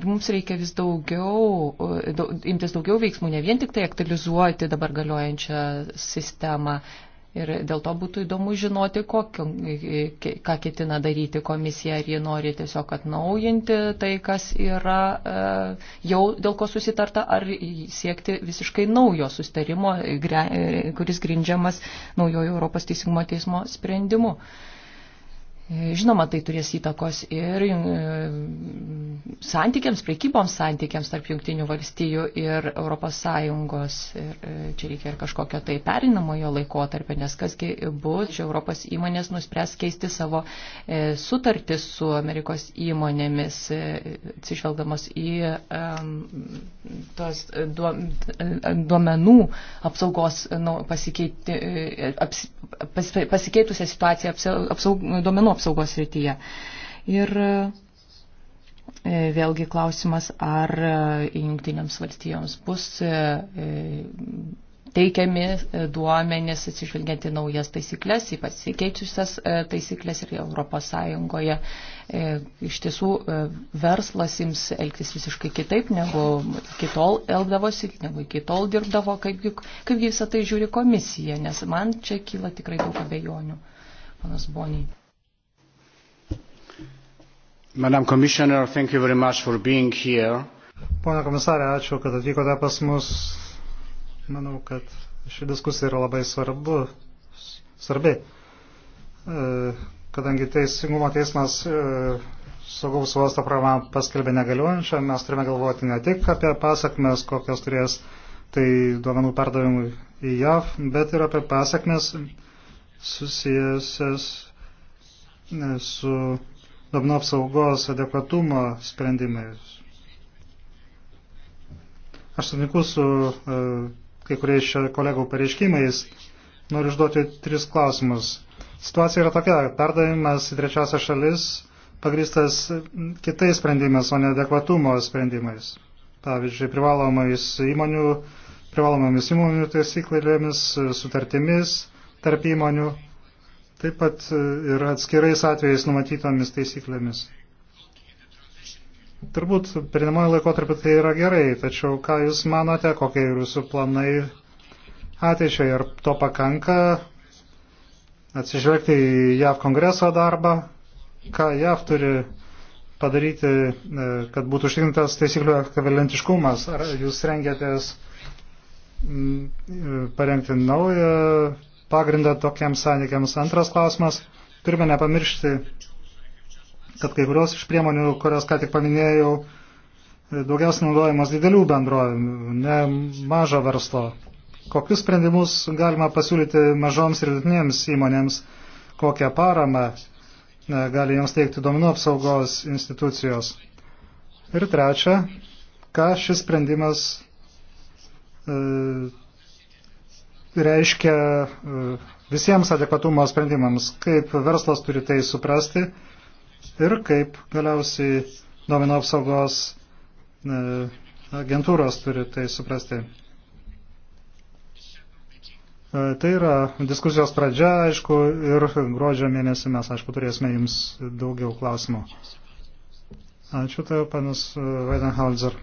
Ir mums reikia vis daugiau, imtis daugiau veiksmų, ne vien tik tai aktualizuoti dabar galiojančią sistemą, Ir dėl to būtų įdomu žinoti, kokio, e, ką ketina daryti komisija, ar jie nori tiesiog atnaujinti tai, kas yra e, jau dėl ko susitarta, ar siekti visiškai naujo sustarimo, e, kuris grindžiamas naujojo Europos teisingumo teismo sprendimu. Žinoma, tai turės įtakos ir e, santykiams, prekyboms santykiams tarp jungtinių valstijų ir Europos Sąjungos. Ir e, čia reikia ir kažkokio tai perinamojo laikotarpio, nes kasgi bus, čia Europos įmonės nuspręs keisti savo e, sutartis su Amerikos įmonėmis, atsižvelgdamos į um, tos duomenų apsaugos nu, pasikeitusią situaciją, apsaug, duomenų apsaugos rytyje. Ir e, vėlgi klausimas, ar e, jungtinėms valstijoms bus e, teikiami duomenys atsižvelgiant į naujas taisyklės, į pasikeitusias taisyklės ir Europos Sąjungoje. Iš tiesų verslas jums elgtis visiškai kitaip, negu kitol elgdavosi, negu kitol dirbdavo, kaipgi kaip visą tai žiūri komisija, nes man čia kyla tikrai daug abejonių, panas Boniai. Madam Commissioner, thank you very much for being here. Pone komisarė, ačiū, kad atvykote pas mus. Manau, kad ši diskusija yra labai svarbu, svarbi, e, kadangi Teisingumo teismas e, saugaus uosto programą paskelbė negaliuojančią, mes turime galvoti ne tik apie pasakmes, kokios turės tai duomenų perdavimui į JAV, bet ir apie pasakmes susijusias e, su domino apsaugos adekvatumo sprendimais. Aš sutinku su e, kai kuriais kolegų pareiškimais. Noriu užduoti tris klausimus. Situacija yra tokia, perdavimas į trečiasią šalis pagristas kitais sprendimais, o ne adekvatumo sprendimais. Pavyzdžiui, privalomais įmonių, privalomomis įmonių taisyklėmis, sutartimis tarp įmonių taip pat ir e, atskirais atvejais numatytomis taisyklėmis. Turbūt perinamojo laikotarpiu tai yra gerai, tačiau ką Jūs manote, kokie jūsų planai ateičiai, ar to pakanka atsižvelgti į JAV kongreso darbą, ką JAV turi padaryti, e, kad būtų užtikrintas taisyklių ekvivalentiškumas, ar Jūs rengiatės e, parengti naują pagrindą tokiems santykiams. Antras klausimas. Turime nepamiršti, kad kai kurios iš priemonių, kurias ką tik paminėjau, daugiausiai naudojamos didelių bendrovių, ne mažo verslo. Kokius sprendimus galima pasiūlyti mažoms ir vidutinėms įmonėms, kokią paramą e, gali joms teikti domino apsaugos institucijos. Ir trečia, ką šis sprendimas e, reiškia e, visiems adekvatumo sprendimams, kaip verslas turi tai suprasti ir kaip galiausiai domino apsaugos e, agentūros turi tai suprasti. E, tai yra diskusijos pradžia, aišku, ir gruodžio mėnesį mes, aišku, turėsime jums daugiau klausimų. Ačiū tau, panas Vaidenhalzer.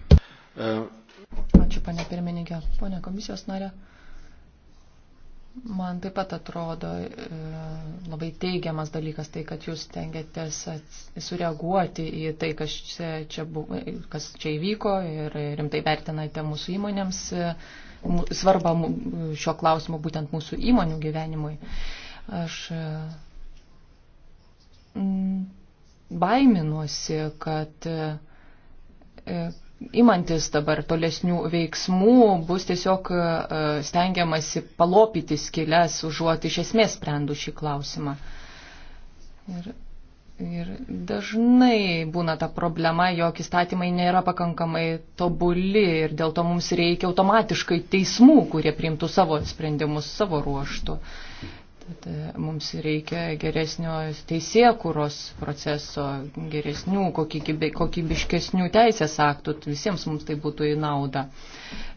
Ačiū, pane pirmininkė. Pone komisijos narė. Man taip pat atrodo e, labai teigiamas dalykas tai, kad jūs tengiatės sureaguoti į tai, kas čia, čia, buvo, kas čia įvyko ir rimtai vertinate mūsų įmonėms e, svarbą šio klausimo būtent mūsų įmonių gyvenimui. Aš e, baiminuosi, kad imantis dabar tolesnių veiksmų, bus tiesiog e, stengiamasi palopyti skilės, užuot iš esmės sprendų šį klausimą. Ir, ir dažnai būna ta problema, jog įstatymai nėra pakankamai tobuli ir dėl to mums reikia automatiškai teismų, kurie priimtų savo sprendimus savo ruoštų. Tad e, mums reikia geresnio teisėkuros proceso, geresnių, kokybiškesnių teisės aktų, visiems mums tai būtų į naudą.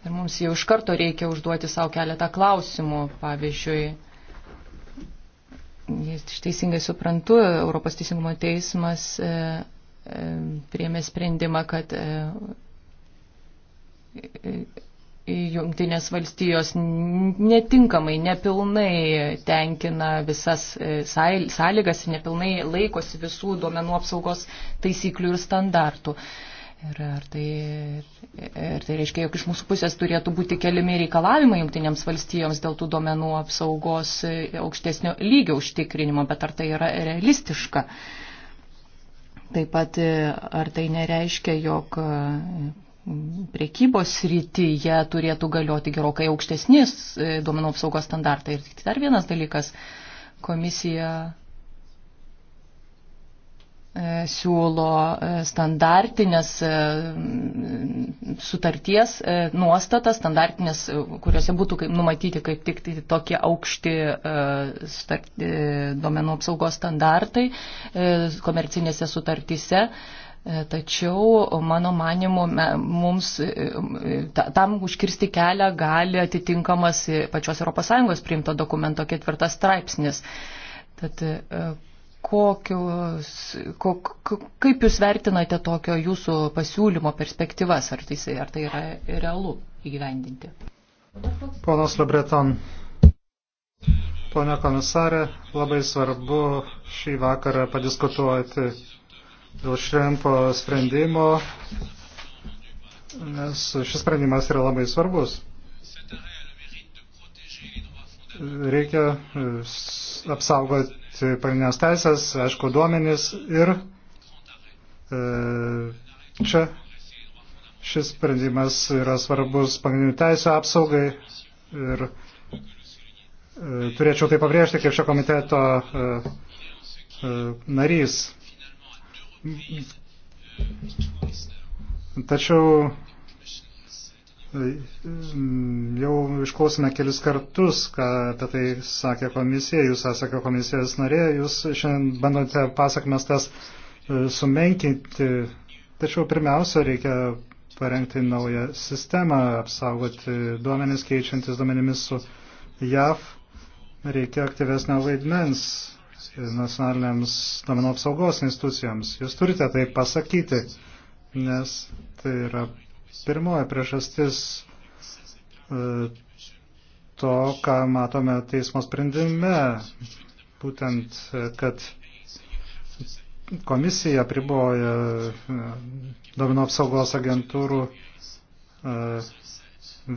Ir mums jau iš karto reikia užduoti savo keletą klausimų, pavyzdžiui, Jis teisingai suprantu, Europos teisingumo teismas e, e, priėmė sprendimą, kad e, e Jungtinės valstijos netinkamai, nepilnai tenkina visas e, sąlygas ir nepilnai laikosi visų duomenų apsaugos taisyklių ir standartų. Ir, ir, tai, ir tai reiškia, jog iš mūsų pusės turėtų būti keliami reikalavimai jungtinėms valstijoms dėl tų duomenų apsaugos e, aukštesnio lygio užtikrinimo, bet ar tai yra realistiška? Taip pat e, ar tai nereiškia, jog priekybos srityje turėtų galioti gerokai aukštesnis e, duomenų apsaugos standartai. Ir dar vienas dalykas, komisija e, siūlo e, standartinės sutarties nuostatas, standartinės, kuriuose būtų numatyti kaip tik tai tokie aukšti duomenų apsaugos standartai komercinėse sutartyse. E, tačiau, mano manimu, mums e, e, tam užkirsti kelią gali atitinkamas pačios ES priimto dokumento ketvirtas straipsnis. Tad kokius, kok, kaip jūs vertinate tokio jūsų pasiūlymo perspektyvas, ar tai, ar tai yra realu įgyvendinti? Ponas Lebreton, ponia komisarė, labai svarbu šį vakarą padiskutuoti dėl šrempo sprendimo, nes šis sprendimas yra labai svarbus. Reikia e, apsaugoti pagrindinės teisės, aišku, duomenys ir e, čia šis sprendimas yra svarbus pagrindinių teisų apsaugai ir e, turėčiau tai pabrėžti kaip šio komiteto narys. Tačiau e, jau išklausime kelis kartus, ką apie tai sakė komisija, jūs esate komisijos narė, jūs šiandien bandote pasakmes tas e, sumenkinti, tačiau pirmiausia reikia parengti naują sistemą, apsaugoti duomenis, keičiantis duomenimis su JAV, reikia aktyvesnio vaidmens nacionaliniams domenų apsaugos institucijoms. Jūs turite tai pasakyti, nes tai yra pirmoji priežastis e, to, ką matome teismo sprendime, būtent, e, kad komisija priboja e, domino apsaugos agentūrų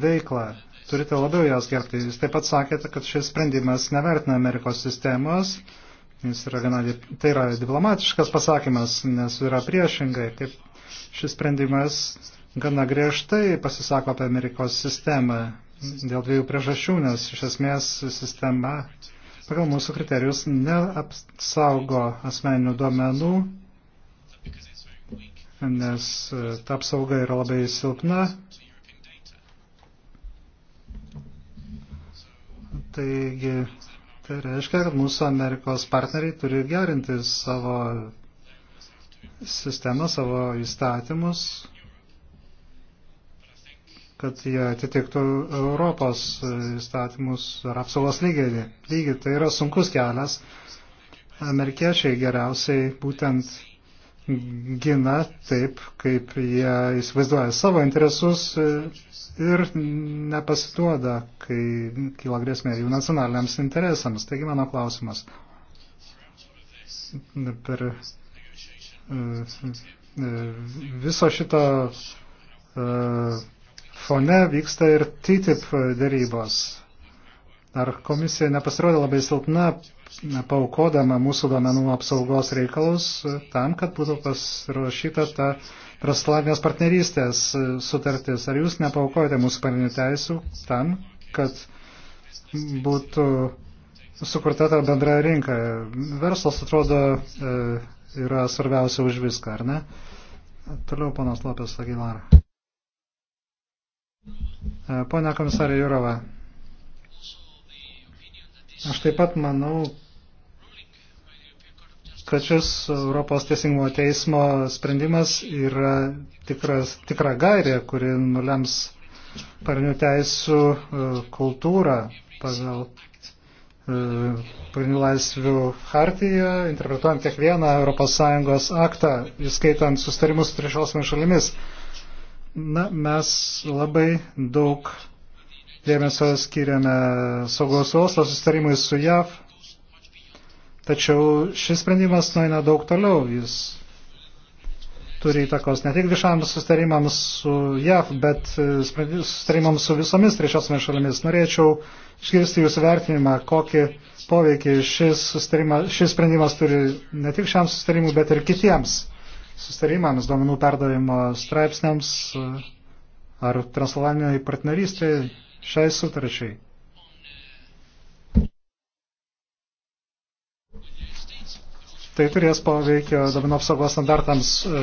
veiklą. Turite labiau jas gerbti. Jūs taip pat sakėte, kad šis sprendimas nevertina Amerikos sistemos, Jis yra viena, tai yra diplomatiškas pasakymas, nes yra priešingai. Taip, šis sprendimas gana griežtai pasisako apie Amerikos sistemą dėl dviejų priežasčių, nes iš esmės sistema pagal mūsų kriterijus neapsaugo asmeninių duomenų, nes e, ta apsauga yra labai silpna. Taigi Tai reiškia, kad mūsų Amerikos partneriai turi gerinti savo sistemą, savo įstatymus, kad jie atitiktų Europos įstatymus ar apsaugos lygį. lygį. Tai yra sunkus kelias. Amerikiečiai geriausiai būtent gina taip, kaip jie įsivaizduoja savo interesus e, ir nepasiduoda, kai kyla grėsmė jų nacionaliniams interesams. Taigi mano klausimas per e, e, viso šito fone vyksta ir TTIP darybos. Ar komisija nepasirodė labai silpna paukodama mūsų duomenų apsaugos reikalus tam, kad būtų pasirašyta ta praslavės partnerystės sutartis. Ar jūs nepaukojate mūsų pagrindinių teisų tam, kad būtų sukurta ta bendra rinka? Verslas atrodo e, yra svarbiausia už viską, ar ne? Toliau ponas Lopės Agilar. E, Pone komisarė Jurova. Aš taip pat manau, kad šis Europos teisingumo teismo sprendimas yra tikras, tikra gairė, kuri nulems parinių teisų e, kultūrą pagal e, pagrindinių laisvių hartiją, interpretuojant kiekvieną ES aktą, įskaitant sustarimus su trečiosiomis šalimis. Na, mes labai daug dėmesio skiriame saugos uosto sustarimui su JAV, tačiau šis sprendimas nueina daug toliau. Jis turi įtakos ne tik viešams sustarimams su JAV, bet e, sustarimams su visomis trečiosiomis šalimis. Norėčiau išgirsti jūsų vertinimą, kokį poveikį šis, šis sprendimas turi ne tik šiam sustarimui, bet ir kitiems sustarimams, duomenų perdavimo straipsniams e, ar transatlantiniai partnerystėje šiai sutarčiai. Tai turės poveikio domino apsaugos standartams e,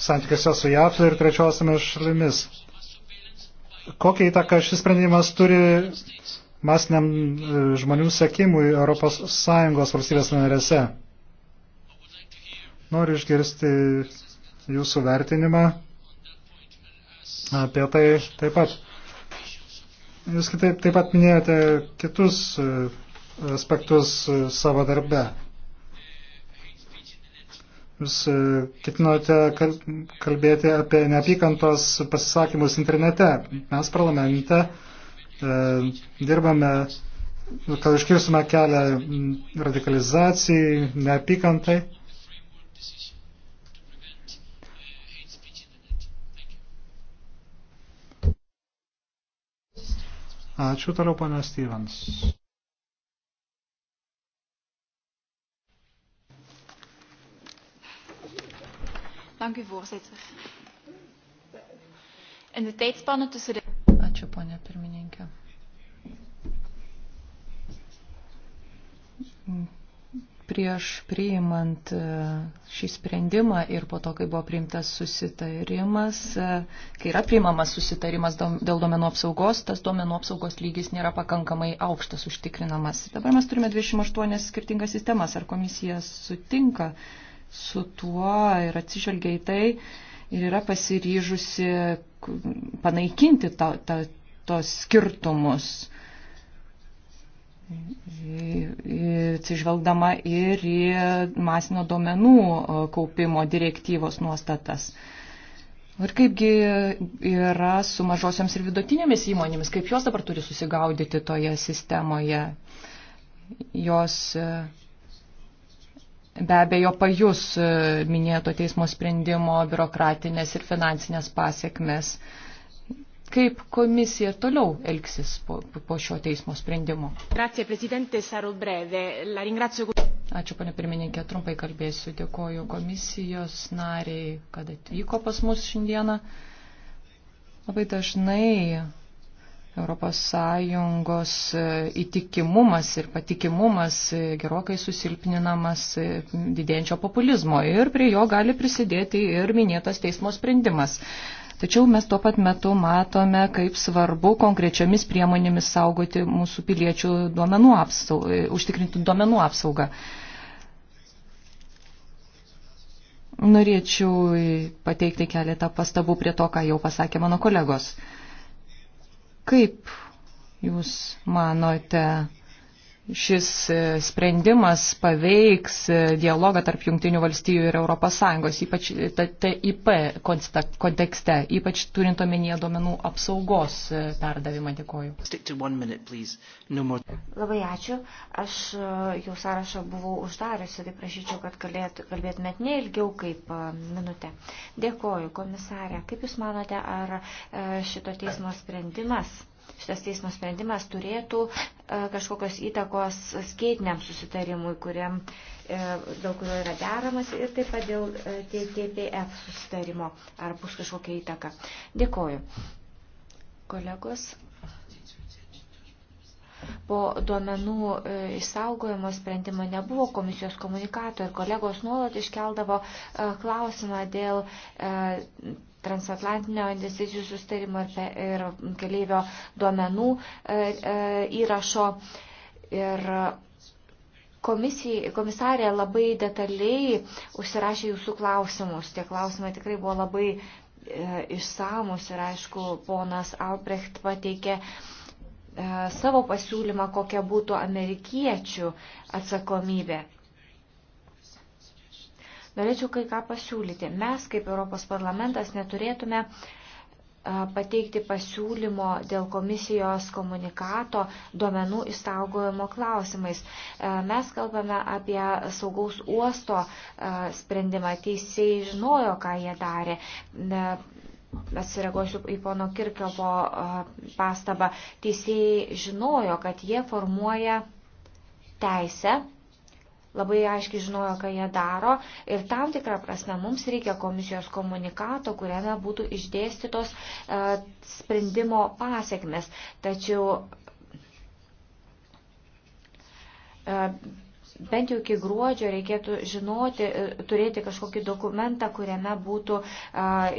santykiuose su JAF ir trečiosiamis šalimis. Kokią įtaką šis sprendimas turi masiniam e, žmonių sekimui ES valstybės narėse? Noriu išgirsti jūsų vertinimą apie tai taip pat. Jūs kitaip taip pat minėjote kitus e, aspektus e, savo darbe. Jūs e, ketinote kalbėti apie neapykantos pasisakymus internete. Mes parlamente dirbame, kad iškirstume kelią radikalizacijai, neapykantai. Ačiū toliau, pana Stevens. Dank u, voorzitter. In de tijdspannen tussen de... Ačiū, ponia pirmininkė prieš priimant e, šį sprendimą ir po to, kai buvo priimtas susitarimas, e, kai yra priimamas susitarimas dėl duomenų apsaugos, tas duomenų apsaugos lygis nėra pakankamai aukštas užtikrinamas. Dabar mes turime 28 skirtingas sistemas. Ar komisija sutinka su tuo ir atsižvelgia į tai ir yra pasiryžusi panaikinti ta, ta, tos skirtumus? atsižvelgdama ir į masinio duomenų kaupimo direktyvos nuostatas. Ir kaipgi yra su mažosiams ir vidutinėmis įmonėmis, kaip jos dabar turi susigaudyti toje sistemoje. Jos e, be abejo pajus e, minėto teismo sprendimo biurokratinės ir finansinės pasiekmes kaip komisija toliau elgsis po, po šio teismo sprendimo. Ačiū, panė pirmininkė, trumpai kalbėsiu. Dėkoju komisijos nariai, kad atvyko pas mus šiandieną. Labai dažnai ES įtikimumas ir patikimumas gerokai susilpninamas didėjančio populizmo ir prie jo gali prisidėti ir minėtas teismo sprendimas. Tačiau mes tuo pat metu matome, kaip svarbu konkrečiomis priemonėmis saugoti mūsų piliečių duomenų apsaugą, užtikrinti duomenų apsaugą. Norėčiau pateikti keletą pastabų prie to, ką jau pasakė mano kolegos. Kaip jūs manote, šis e, sprendimas paveiks e, dialogą tarp Junktinių valstybių ir ES, ypač e, TIP kontekste, ypač turint omenyje duomenų apsaugos perdavimą. Dėkoju. Minute, no more... Labai ačiū. Aš jau sąrašą buvau uždariusi, tai prašyčiau, kad kalbėtumėt ne ilgiau kaip minutę. Dėkoju, komisarė. Kaip Jūs manote, ar šito teismo sprendimas? šitas teismo sprendimas turėtų e, kažkokios įtakos skaitiniam susitarimui, kuriam, e, dėl kurio yra deramas ir taip pat dėl e, TTPF susitarimo, ar bus kažkokia įtaka. Dėkoju. Kolegos. Po duomenų išsaugojimo sprendimo nebuvo komisijos komunikato ir kolegos nuolat iškeldavo klausimą dėl transatlantinio investicijų sustarimo ir keleivio duomenų e, e, įrašo. Ir komisijai, komisarė labai detaliai užsirašė jūsų klausimus. Tie klausimai tikrai buvo labai e, išsamus ir aišku, ponas Albrecht pateikė savo pasiūlymą, kokia būtų amerikiečių atsakomybė. Norėčiau kai ką pasiūlyti. Mes, kaip Europos parlamentas, neturėtume pateikti pasiūlymo dėl komisijos komunikato duomenų išsaugojimo klausimais. Mes kalbame apie saugaus uosto sprendimą. Teisėjai žinojo, ką jie darė. Atsireaguosiu į pono Kirkiovo pastabą. Teisėjai žinojo, kad jie formuoja teisę labai aiškiai žinojo, ką jie daro ir tam tikrą prasme mums reikia komisijos komunikato, kuriame būtų išdėstytos e, sprendimo pasiekmes. Tačiau e, bent jau iki gruodžio reikėtų žinoti, e, turėti kažkokį dokumentą, kuriame būtų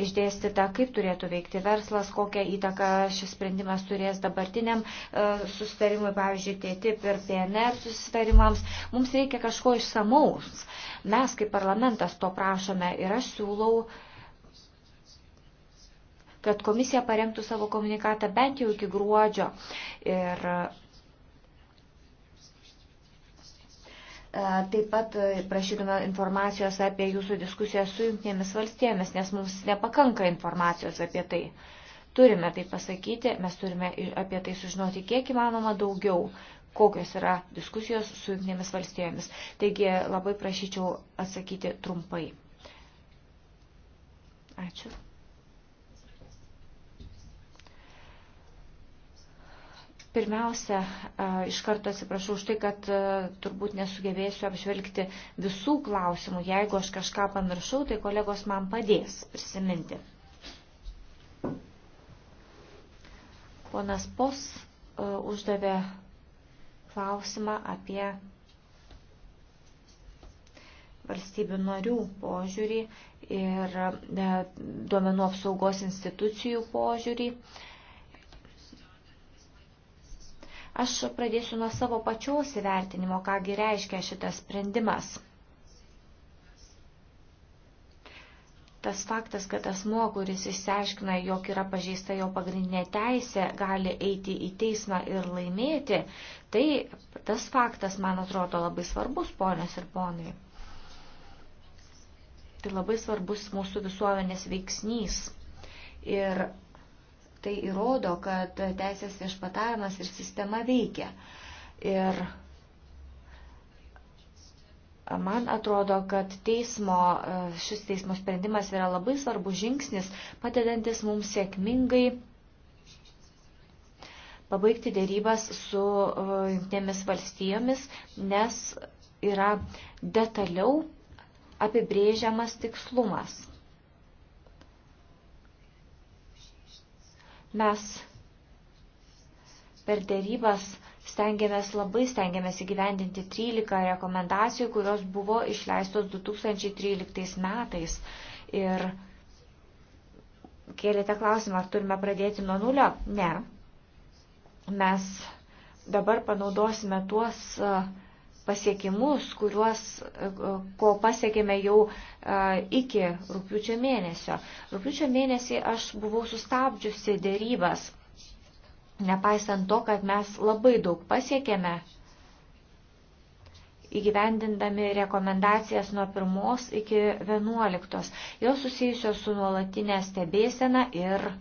išdėstyta, kaip turėtų veikti verslas, kokią įtaką šis sprendimas turės dabartiniam e, susitarimui, pavyzdžiui, TTIP ir PNR susitarimams. Mums reikia kažko išsamaus. Mes kaip parlamentas to prašome ir aš siūlau kad komisija parengtų savo komunikatą bent jau iki gruodžio. Ir E, taip pat e, prašytume informacijos apie jūsų diskusiją su jungtinėmis valstybėmis, nes mums nepakanka informacijos apie tai. Turime tai pasakyti, mes turime apie tai sužinoti kiek įmanoma daugiau, kokios yra diskusijos su jungtinėmis valstybėmis. Taigi labai prašyčiau atsakyti trumpai. Ačiū. Pirmiausia, iš karto atsiprašau už tai, kad turbūt nesugebėsiu apžvelgti visų klausimų. Jeigu aš kažką pamiršau, tai kolegos man padės prisiminti. Ponas Pos uždavė klausimą apie valstybių narių požiūrį ir duomenų apsaugos institucijų požiūrį. Uh, Aš pradėsiu nuo savo pačiaus įvertinimo, kągi reiškia šitas sprendimas. Tas faktas, kad asmo, kuris išsiaiškina, jog yra pažeista jo pagrindinė teisė, gali eiti į teismą ir laimėti, tai tas faktas, man atrodo, labai svarbus, ponios ir ponai. Tai labai svarbus mūsų visuomenės veiksnys. Ir Tai įrodo, kad teisės viešpatavimas ir sistema veikia. Ir man atrodo, kad teismo, šis teismo sprendimas yra labai svarbus žingsnis, padedantis mums sėkmingai pabaigti dėrybas su e, jungtinėmis valstijomis, nes yra detaliau apibrėžiamas tikslumas. Mes per dėrybas stengiamės labai stengiamės įgyvendinti 13 rekomendacijų, kurios buvo išleistos 2013 metais. Ir kėlėte klausimą, ar turime pradėti nuo nulio? Ne. Mes dabar panaudosime tuos uh, pasiekimus, kuriuos, e, ko pasiekėme jau e, iki rūpiučio mėnesio. Rūpiučio mėnesį aš buvau sustabdžiusi dėrybas, nepaisant to, kad mes labai daug pasiekėme įgyvendindami rekomendacijas nuo 1 iki 11. Jos susijusios su nuolatinė stebėsena ir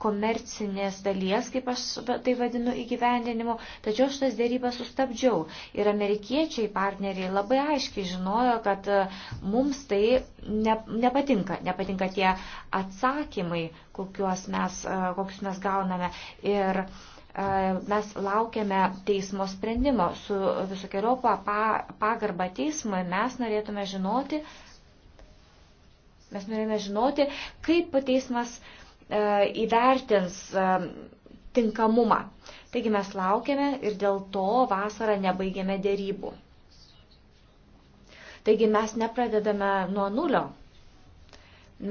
komercinės dalies, kaip aš tai vadinu, įgyvendinimu, tačiau šitas dėrybas sustabdžiau. Ir amerikiečiai partneriai labai aiškiai žinojo, kad e, mums tai ne, nepatinka, nepatinka tie atsakymai, kokiuos mes, e, kokius mes gauname. Ir e, mes laukiame teismo sprendimo. Su visokiojopo pagarba teismui mes norėtume žinoti, mes norėtume žinoti, kaip teismas uh, E, įvertins e, tinkamumą. Taigi mes laukiame ir dėl to vasarą nebaigėme dėrybų. Taigi mes nepradedame nuo nulio.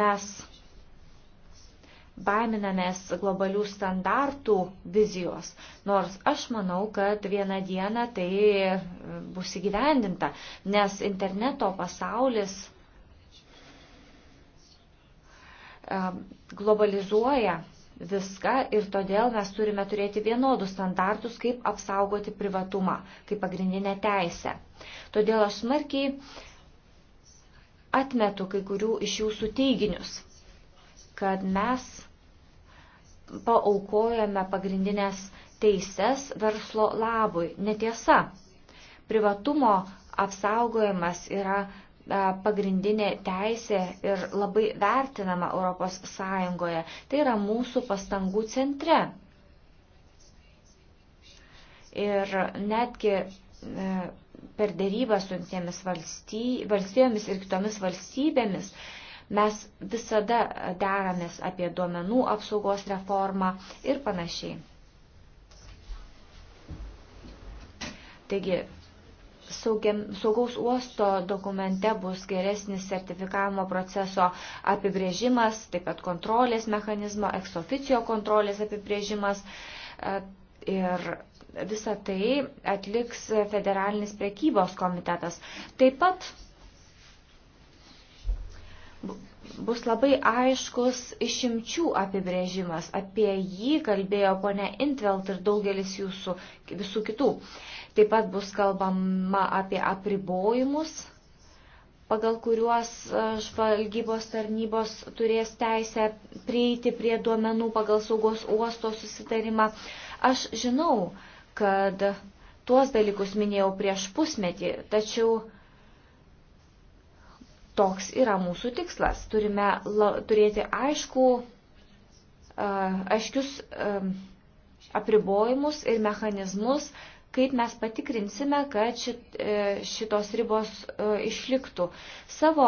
Mes baiminamės globalių standartų vizijos, nors aš manau, kad vieną dieną tai bus įgyvendinta, nes interneto pasaulis Um, globalizuoja viską ir todėl mes turime turėti vienodus standartus, kaip apsaugoti privatumą kaip pagrindinę teisę. Todėl aš smarkiai atmetu kai kurių iš jūsų teiginius, kad mes paaukojame pagrindinės teises verslo labui. Netiesa. Privatumo apsaugojimas yra pagrindinė teisė ir labai vertinama Europos Sąjungoje. Tai yra mūsų pastangų centre. Ir netgi e, per dėrybą su jungtinėmis valstybėmis ir kitomis valstybėmis mes visada deramės apie duomenų apsaugos reformą ir panašiai. Taigi saugiam, saugaus uosto dokumente bus geresnis sertifikavimo proceso apibrėžimas, taip pat kontrolės mechanizmo, eksoficijo kontrolės apibrėžimas. E, ir visą tai atliks federalinis prekybos komitetas. Taip pat bus labai aiškus išimčių apibrėžimas. Apie jį kalbėjo ponia Intvelt ir daugelis jūsų visų kitų. Uh, Taip pat bus kalbama apie apribojimus, pagal kuriuos e, žvalgybos tarnybos turės teisę prieiti prie duomenų pagal saugos uosto susitarimą. Aš žinau, kad tuos dalykus minėjau prieš pusmetį, tačiau toks yra mūsų tikslas. Turime la, turėti aišku, e, aiškius e, apribojimus ir mechanizmus, kaip mes patikrinsime, kad šit, e, šitos ribos e, išliktų. Savo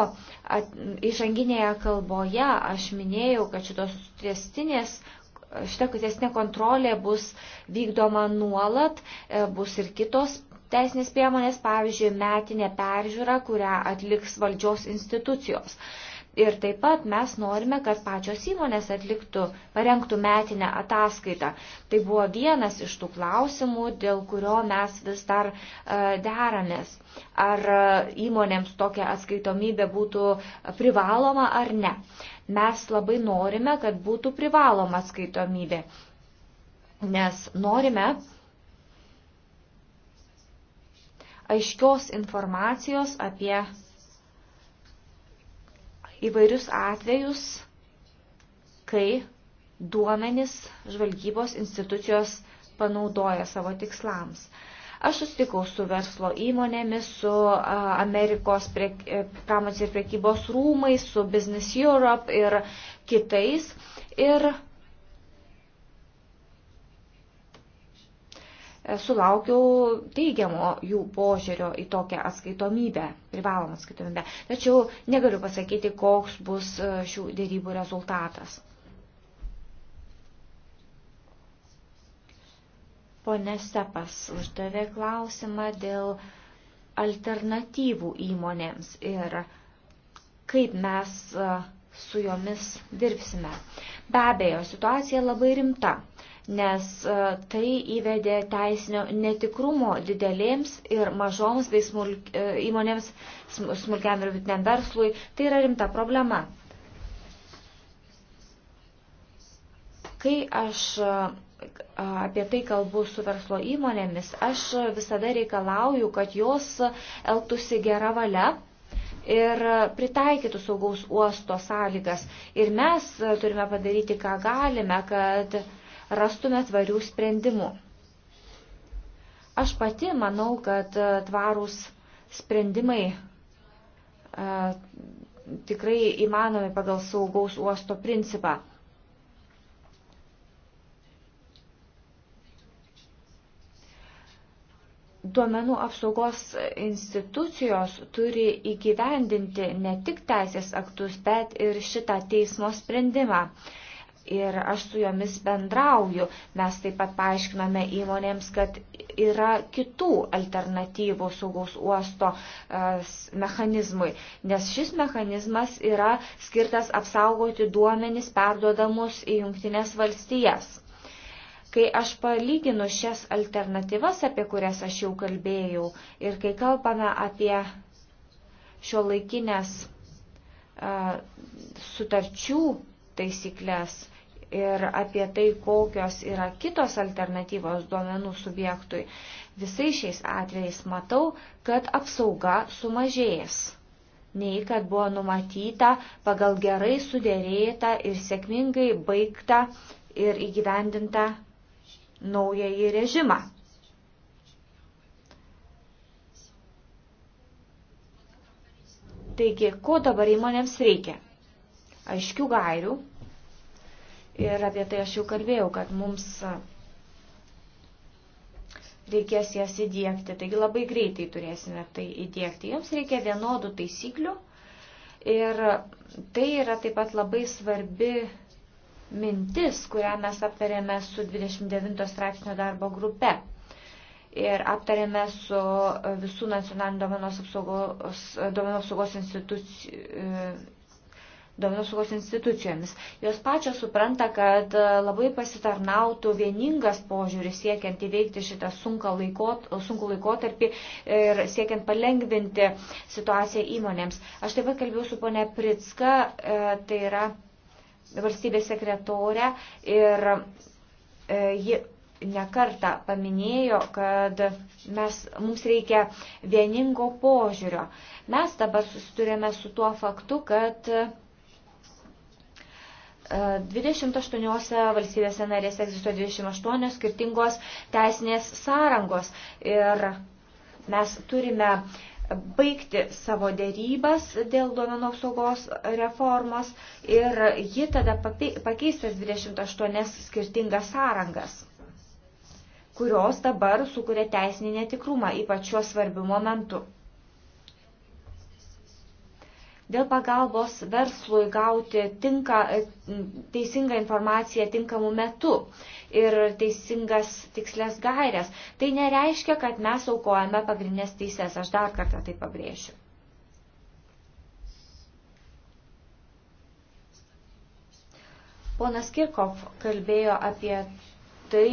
at, įžanginėje kalboje aš minėjau, kad šitos tiestinės šita kutesnė kontrolė bus vykdoma nuolat, e, bus ir kitos teisinės priemonės, pavyzdžiui, metinė peržiūra, kurią atliks valdžios institucijos. Ir taip pat mes norime, kad pačios įmonės atliktų, parengtų metinę ataskaitą. Tai buvo vienas iš tų klausimų, dėl kurio mes vis dar e, deramės. Ar e, įmonėms tokia atskaitomybė būtų privaloma ar ne. Mes labai norime, kad būtų privaloma atskaitomybė. Nes norime aiškios informacijos apie įvairius atvejus, kai duomenis žvalgybos institucijos panaudoja savo tikslams. Aš susitikau su verslo įmonėmis, su Amerikos e, pramonės ir prekybos rūmais, su Business Europe ir kitais. Ir sulaukiau teigiamo jų požiūrio į tokią atskaitomybę, privalomą atskaitomybę. Tačiau negaliu pasakyti, koks bus e, šių dėrybų rezultatas. Pone Stepas uždavė klausimą dėl alternatyvų įmonėms ir kaip mes e, su jomis dirbsime. Be abejo, situacija labai rimta nes e, tai įvedė teisinio netikrumo didelėms ir mažoms bei smulk, e, įmonėms, smulkiam ir vidiniam verslui. Tai yra rimta problema. Kai aš e, apie tai kalbu su verslo įmonėmis, aš visada reikalauju, kad jos elgtųsi gerą valią ir pritaikytų saugaus uosto sąlygas. Ir mes turime padaryti, ką galime, kad uh, rastume tvarių sprendimų. Aš pati manau, kad e, tvarūs sprendimai a, e, tikrai įmanomi pagal saugaus uosto principą. duomenų apsaugos institucijos turi įgyvendinti ne tik teisės aktus, bet ir šitą teismo sprendimą ir aš su jomis bendrauju. Mes taip pat paaiškiname įmonėms, kad yra kitų alternatyvų saugaus uosto eh, mechanizmui, nes šis mechanizmas yra skirtas apsaugoti duomenis perduodamus į Junktinės valstijas. Kai aš palyginu šias alternatyvas, apie kurias aš jau kalbėjau, ir kai kalbame apie šio laikinės eh, sutarčių taisyklės, ir apie tai, kokios yra kitos alternatyvos duomenų subjektui, visai šiais atvejais matau, kad apsauga sumažėjęs nei kad buvo numatyta pagal gerai sudėrėtą ir sėkmingai baigtą ir įgyvendintą naująjį režimą. Taigi, ko dabar įmonėms reikia? Aiškių gairių Ir apie tai aš jau kalbėjau, kad mums reikės jas įdėkti. Taigi labai greitai turėsime tai įdėkti. Jums reikia vienodų taisyklių. Ir tai yra taip pat labai svarbi mintis, kurią mes aptarėme su 29 straipsnio darbo grupe. Ir aptarėme su visų nacionalinių duomenų apsaugos, duomenų apsaugos institucijų duomenų saugos institucijomis. Jos pačios supranta, kad e, labai pasitarnautų vieningas požiūris siekiant įveikti šitą sunką laikot, sunkų laikotarpį ir siekiant palengvinti situaciją įmonėms. Aš taip pat kalbėjau su ponė Pritska, e, tai yra valstybės sekretorė ir e, ji nekarta paminėjo, kad mes, mums reikia vieningo požiūrio. Mes dabar susidurėme su tuo faktu, kad 28 valstybėse narėse egzistuoja 28 skirtingos teisinės sąrangos ir mes turime baigti savo dėrybas dėl duomenų apsaugos reformos ir ji tada pakeistas 28 skirtingas sąrangas kurios dabar sukuria teisinį netikrumą, ypač šiuo svarbiu momentu. Dėl pagalbos verslui gauti tinka, e, teisingą informaciją tinkamu metu ir teisingas tikslės gairias, tai nereiškia, kad mes aukojame pagrindinės teises. Aš dar kartą tai pabrėšiu. Ponas Kirkov kalbėjo apie tai,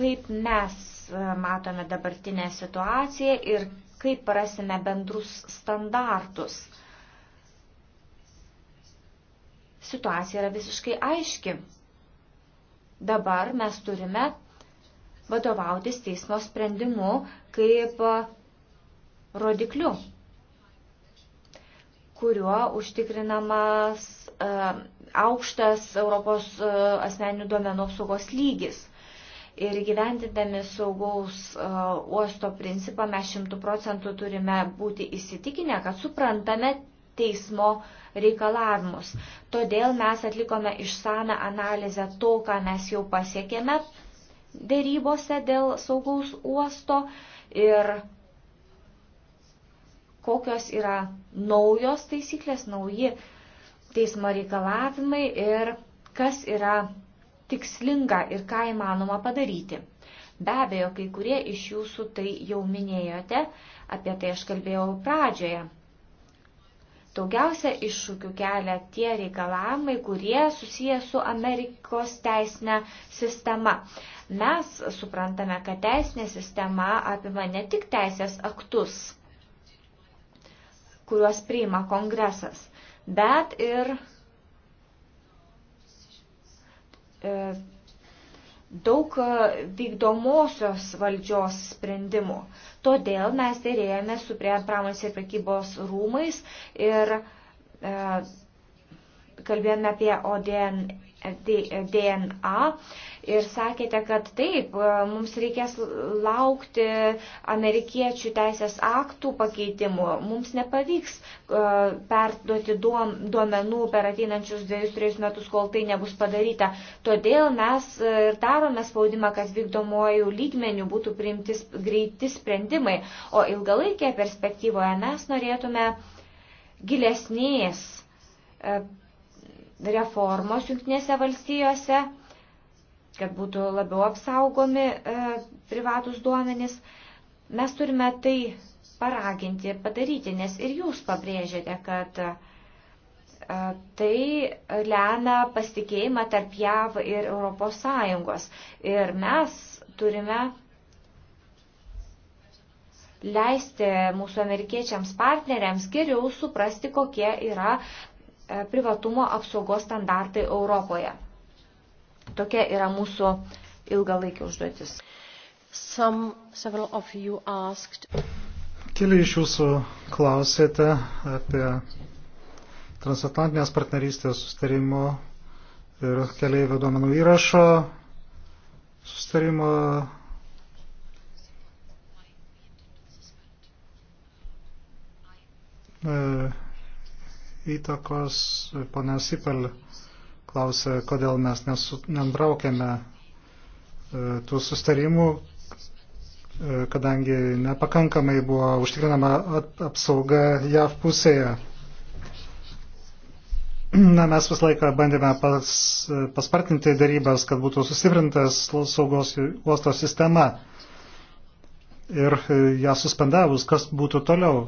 kaip mes e, matome dabartinę situaciją ir kaip rasime bendrus standartus situacija yra visiškai aiški. Dabar mes turime vadovautis teismo sprendimu kaip rodikliu, kuriuo užtikrinamas e, aukštas Europos e, asmeninių duomenų apsaugos lygis. Ir gyventindami saugaus e, uosto principą mes šimtų procentų turime būti įsitikinę, kad suprantame teismo reikalavimus. Todėl mes atlikome išsame analizę to, ką mes jau pasiekėme dėrybose dėl saugaus uosto ir kokios yra naujos taisyklės, nauji teismo reikalavimai ir kas yra tikslinga ir ką įmanoma padaryti. Be abejo, kai kurie iš jūsų tai jau minėjote, apie tai aš kalbėjau pradžioje. Daugiausia iššūkių kelia tie reikalavimai, kurie susiję su Amerikos teisinė sistema. Mes suprantame, kad teisinė sistema apima ne tik teisės aktus, kuriuos priima kongresas, bet ir e, daug e, vykdomosios valdžios sprendimų. Todėl mes dėrėjame su pramonės ir prekybos rūmais ir e, kalbėjome apie ODN DNA ir sakėte, kad taip, e, mums reikės laukti amerikiečių teisės aktų pakeitimų, mums nepavyks e, perduoti duomenų per ateinančius dviejus, trejus metus, kol tai nebus padaryta. Todėl mes e, ir darome spaudimą, kad vykdomojų lygmenių būtų priimti greiti sprendimai, o ilgalaikėje perspektyvoje mes norėtume gilesnės reformos jungtinėse valstijose, kad būtų labiau apsaugomi e, privatus duomenys. Mes turime tai paraginti ir padaryti, nes ir jūs pabrėžėte, kad e, tai lemia pasitikėjimą tarp JAV ir ES. Ir mes turime leisti mūsų amerikiečiams partneriams geriau suprasti, kokie yra E, privatumo apsaugos standartai Europoje. Tokia yra mūsų ilgalaikė užduotis. Some, asked... Keli iš jūsų klausėte apie transatlantinės partnerystės sustarimo ir keliaivių duomenų įrašo sustarimo e, įtakos. Pane Sipel klausė, kodėl mes nenutraukėme e, tų sustarimų, e, kadangi nepakankamai buvo užtikrinama apsauga JAV pusėje. Na, mes visą laiką bandėme pas, paspartinti darybas, kad būtų sustiprintas saugos uosto sistema. Ir e, ją suspendavus, kas būtų toliau?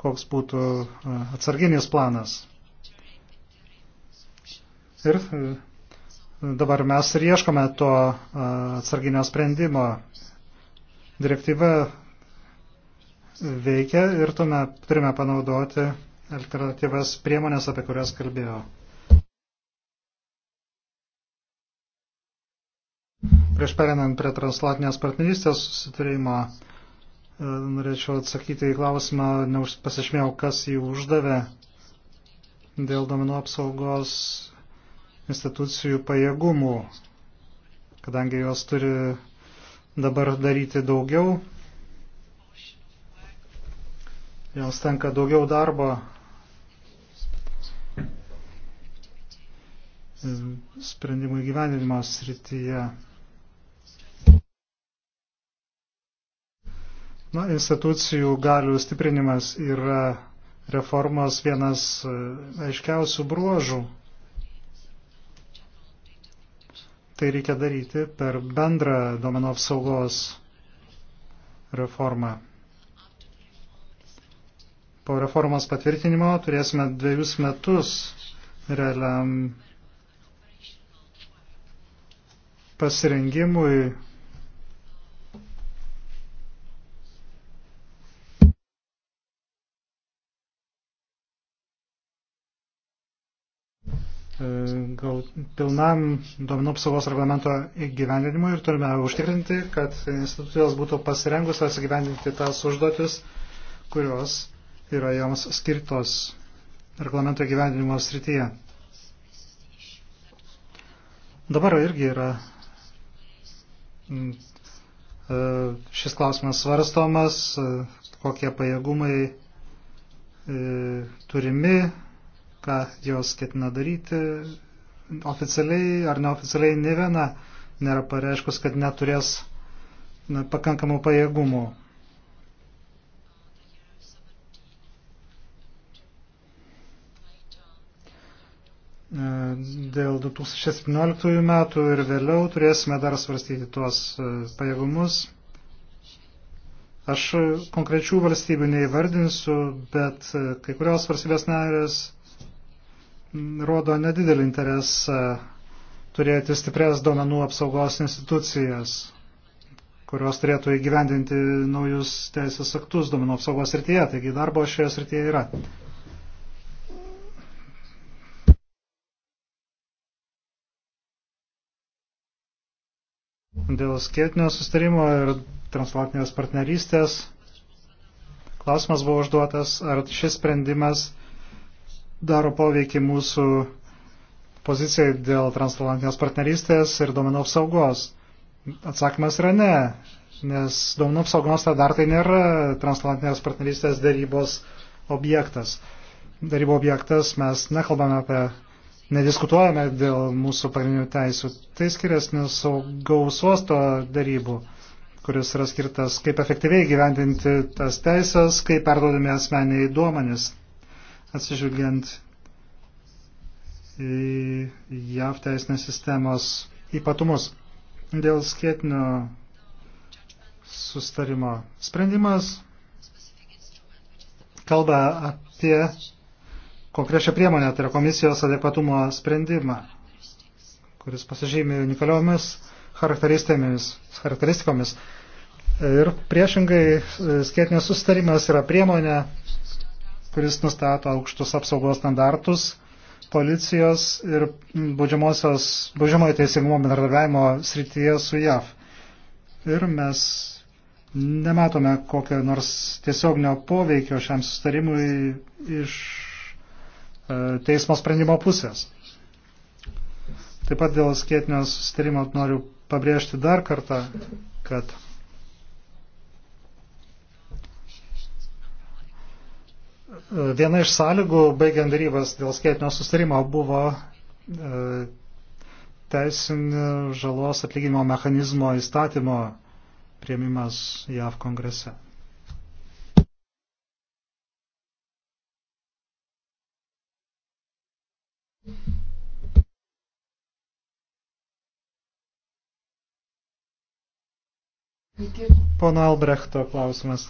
koks būtų e, atsarginis planas. Ir e, dabar mes ir ieškome to e, atsarginio sprendimo. Direktyva veikia ir tuome turime panaudoti alternatyvas priemonės, apie kurias kalbėjau. Prieš perinant prie transatlantinės partnerystės susitarimo, E, norėčiau atsakyti į klausimą, pasišmėjau, kas jį uždavė dėl domenų apsaugos institucijų pajėgumų, kadangi jos turi dabar daryti daugiau, joms tenka daugiau darbo e, sprendimų įgyvendinimo srityje. Na, institucijų galių stiprinimas yra reformos vienas e, aiškiausių bruožų. Tai reikia daryti per bendrą domenų apsaugos reformą. Po reformos patvirtinimo turėsime dviejus metus realiam pasirengimui E, gal pilnam duomenų apsaugos reglamento įgyvendinimui ir turime užtikrinti, kad institucijos būtų pasirengusios įgyvendinti tas užduotis, kurios yra joms skirtos reglamento įgyvendinimo srityje. Dabar irgi yra e, šis klausimas svarstomas, e, kokie pajėgumai turimi ką jos ketina daryti. Oficialiai ar neoficialiai ne viena nėra pareiškus, kad neturės na, pakankamų pajėgumų. Dėl 2017 metų ir vėliau turėsime dar svarstyti tuos e, pajėgumus. Aš konkrečių valstybių neįvardinsiu, bet e, kai kurios valstybės narės rodo nedidelį interesą turėti stiprias duomenų apsaugos institucijas, kurios turėtų įgyvendinti naujus teisės aktus duomenų apsaugos srityje. Taigi darbo šioje srityje yra. Dėl skėtinio sustarimo ir transatlantinės partnerystės klausimas buvo užduotas, ar šis sprendimas daro poveikį mūsų pozicijai dėl transatlantinės partnerystės ir duomenų apsaugos? Atsakymas yra ne, nes duomenų apsaugos standartai tai nėra transatlantinės partnerystės darybos objektas. Darybų objektas mes nekalbame apie, nediskutuojame dėl mūsų pagrindinių teisų. Tai skiriasi nuo saugaus uosto darybų kuris yra skirtas kaip efektyviai gyvendinti tas teisės, kaip perduodami asmeniai duomenis atsižvelgiant į JAV teisinės sistemos ypatumus. Dėl skėtinio sustarimo sprendimas kalba apie konkrečią priemonę, tai yra komisijos adekvatumo sprendimą, kuris pasižymi unikaliomis charakteristikomis. Ir priešingai e, skėtinės sustarimas yra priemonė kuris nustato aukštus apsaugos standartus policijos ir baudžiamojo teisingumo bendradarbiavimo srityje su JAV. Ir mes nematome kokio nors tiesioginio poveikio šiam sustarimui iš e, teismo sprendimo pusės. Taip pat dėl skėtinio sustarimo noriu pabrėžti dar kartą, kad Viena iš sąlygų, baigiant darybas dėl skėtinio sustarimo, buvo e, teisinio žalos atlyginimo mechanizmo įstatymo prieimimas JAV kongrese. Pono Albrechto klausimas.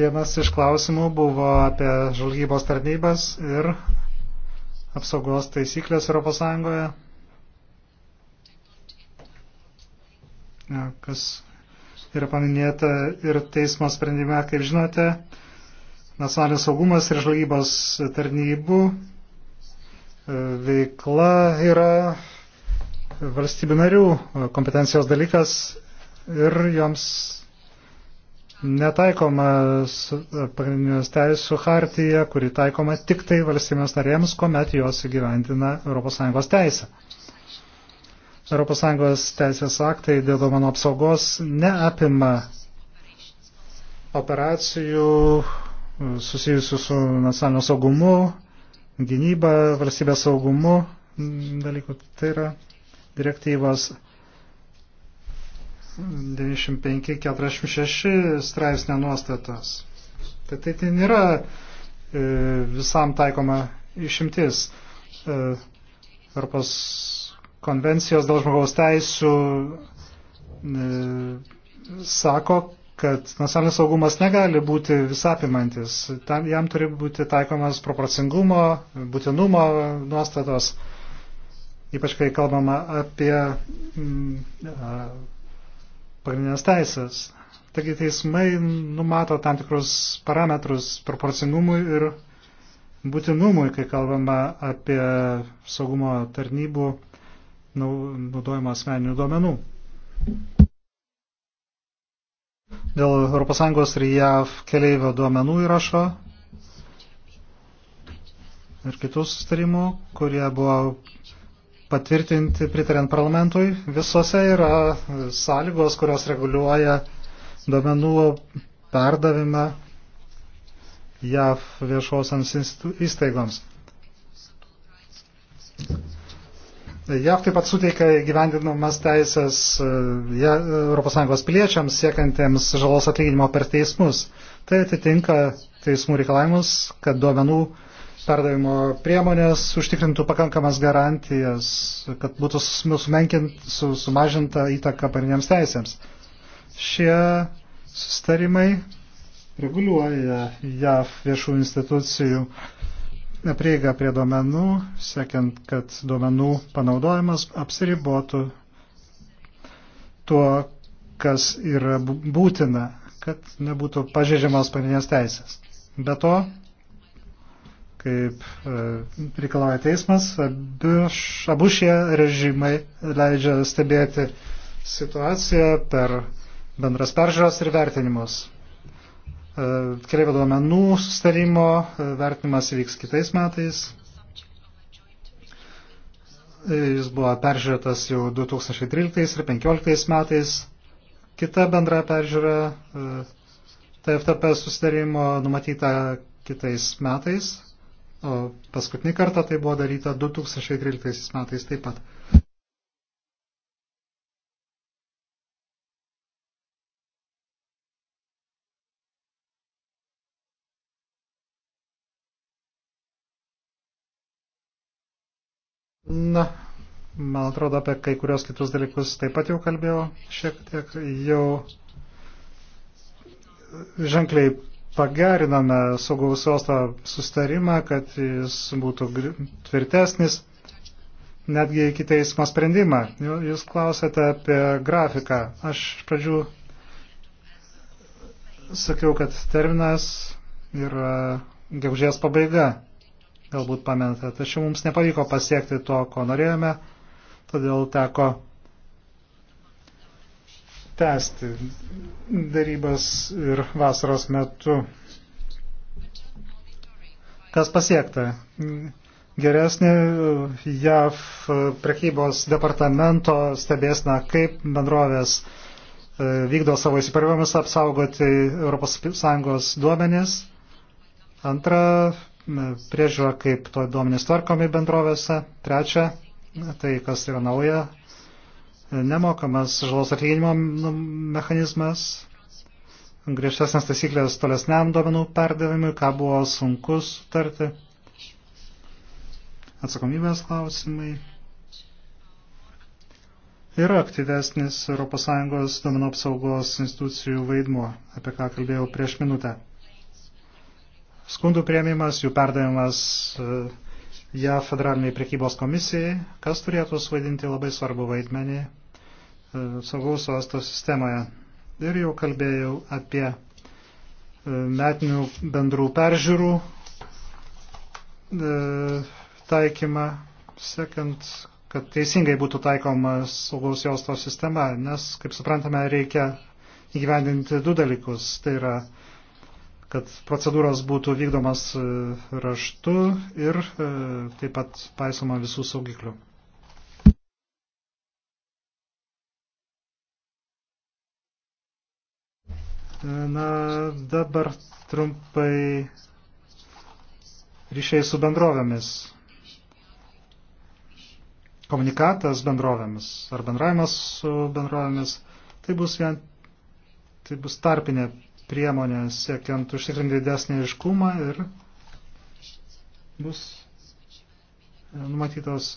Vienas iš klausimų buvo apie žvalgybos tarnybas ir apsaugos taisyklės Europos Sąjungoje, kas yra paminėta ir teismo sprendime, kaip žinote, nacionalinis saugumas ir žvalgybos tarnybų e, veikla yra valstybių narių e, kompetencijos dalykas ir joms netaikomas e, pagrindinės teisų hartija, kuri taikoma tik tai valstybės narėms, kuomet jos įgyventina ES teisę. ES teisės aktai dėl duomenų apsaugos neapima operacijų e, susijusių su nacionalinio saugumu, gynyba, valstybės saugumu dalykų. Tai yra direktyvos 95-46 straipsnio nuostatos. Tai tai, tai nėra e, visam taikoma išimtis. E, Europos konvencijos dėl žmogaus teisų e, sako, kad nacionalinis saugumas negali būti visapimantis. Tam, jam turi būti taikomas proporcingumo, būtinumo nuostatos, ypač kai kalbama apie mm, pagrindinės teisės. Taigi teismai numato tam tikrus parametrus proporcingumui ir būtinumui, kai kalbama apie saugumo tarnybų naudojimą asmeninių duomenų. Dėl ES ir JAV keleivio duomenų įrašo ir kitų sustarimų, kurie buvo patvirtinti pritariant parlamentui. Visose yra sąlygos, kurios reguliuoja duomenų perdavimą JAV viešosiams įstaigoms. JAV taip pat suteikia gyvendinamas teisės e, ES piliečiams siekantiems žalos atlyginimo per teismus. Tai atitinka teismų reikalavimus, kad duomenų perdavimo priemonės užtikrintų pakankamas garantijas, kad būtų su, sumažinta įtaka parinėms teisėms. Šie sustarimai reguliuoja JAV viešų institucijų prieigą prie duomenų, siekiant, kad duomenų panaudojimas apsiribotų tuo, kas yra būtina, kad nebūtų pažeidžiamas pagrindinės teisės. Be to, kaip e, reikalauja teismas, abu šie režimai leidžia stebėti situaciją per bendras peržiūros ir vertinimus. E, Keliaivio duomenų sustarimo e, vertinimas vyks kitais metais. Jis buvo peržiūrėtas jau 2013 ir 2015 metais. Kita bendra peržiūra TFTP sustarimo numatyta kitais metais. O paskutinį kartą tai buvo daryta 2013 metais taip pat. Na, man atrodo, apie kai kurios kitus dalykus taip pat jau kalbėjau šiek tiek, jau ženkliai pageriname saugaus uosto sustarimą, kad jis būtų tvirtesnis, netgi iki teismo sprendimą. Jūs klausėte apie grafiką. Aš iš pradžių sakiau, kad terminas yra gegužės pabaiga, galbūt pamenate, tačiau mums nepavyko pasiekti to, ko norėjome, todėl teko tęsti darybas ir vasaros metu. Kas pasiekta? Geresnė JAV prekybos departamento stebėsna, kaip bendrovės e, vykdo savo įsipareigojimus apsaugoti ES duomenis. Antra, priežiūra, kaip to duomenis tvarkomi bendrovėse. Trečia, tai kas yra nauja, nemokamas žalos atlyginimo nu, mechanizmas, griežtesnės taisyklės tolesniam duomenų perdavimui, ką buvo sunku sutarti, atsakomybės klausimai ir aktyvesnis ES duomenų apsaugos institucijų vaidmuo, apie ką kalbėjau prieš minutę. Skundų prieimimas, jų perdavimas e, JAV federaliniai prekybos komisijai, kas turėtų suvaidinti labai svarbu vaidmenį E, saugaus uosto sistemoje. Ir jau kalbėjau apie e, metinių bendrų peržiūrų e, taikymą, sekant, kad teisingai būtų taikoma saugaus jausto sistema, nes, kaip suprantame, reikia įgyvendinti du dalykus. Tai yra, kad procedūros būtų vykdomas raštu ir taip pat paisoma visų saugiklių. Na, dabar trumpai ryšiai su bendrovėmis. Komunikatas bendrovėmis ar bendravimas su bendrovėmis, tai bus, vien, tai bus tarpinė priemonė siekiant užtikrinti didesnį iškumą ir bus e, numatytos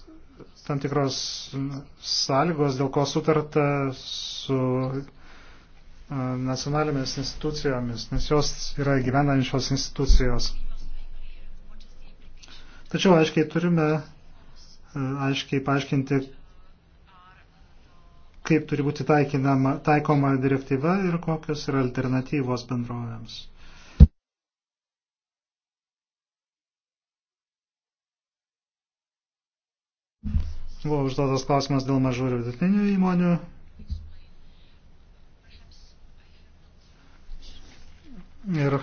tam tikros sąlygos, dėl ko sutarta su nacionalinėmis institucijomis, nes jos yra gyvenančios institucijos. Tačiau aiškiai turime aiškiai paaiškinti, kaip turi būti taikinama, taikoma direktyva ir kokios yra alternatyvos bendrovėms. Buvo užduotas klausimas dėl mažų ir vidutinių įmonių. Ir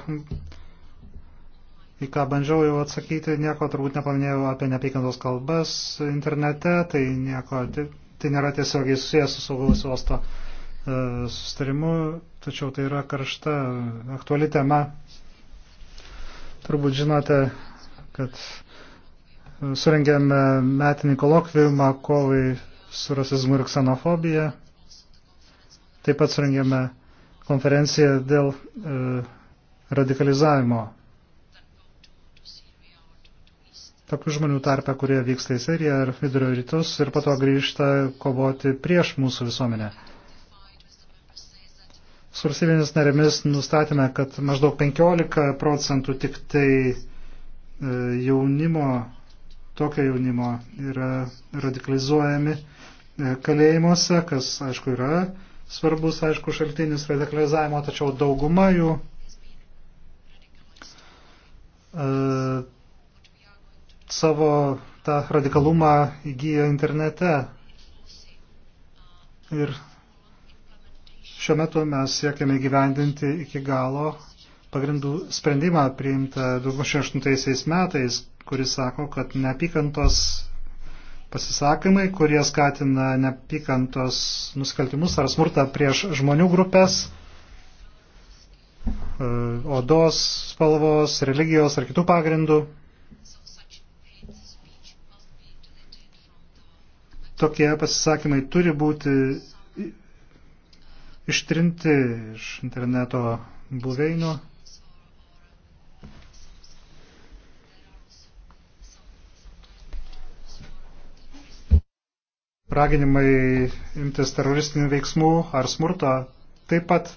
į ką bandžiau jau atsakyti, nieko turbūt nepaminėjau apie neapykantos kalbas internete, tai, nieko, tai, tai nėra tiesiogiai susijęs su saugaus uosto e, sustarimu, tačiau tai yra karšta, aktuali tema. Turbūt žinote, kad e, surengėme metinį kolokviumą kovai su rasizmu ir ksenofobija. Taip pat surengėme konferenciją dėl e, radikalizavimo. Tokių žmonių tarpe, kurie vyksta į Siriją ir vidurio rytus ir po to grįžta kovoti prieš mūsų visuomenę. Su valstybėmis narėmis nustatėme, kad maždaug 15 procentų tik tai e, jaunimo, tokio jaunimo yra radikalizuojami e, kalėjimuose, kas aišku yra svarbus, aišku, šaltinis radikalizavimo, tačiau dauguma jų E, savo tą radikalumą įgyja internete. Ir šiuo metu mes siekiame gyvendinti iki galo pagrindų sprendimą priimtą 2008 metais, kuris sako, kad neapykantos pasisakymai, kurie skatina neapykantos nusikaltimus ar smurtą prieš žmonių grupės, E, odos spalvos, religijos ar kitų pagrindų. Tokie pasisakymai turi būti ištrinti iš interneto buveinių. Raginimai imtis teroristinių veiksmų ar smurto taip pat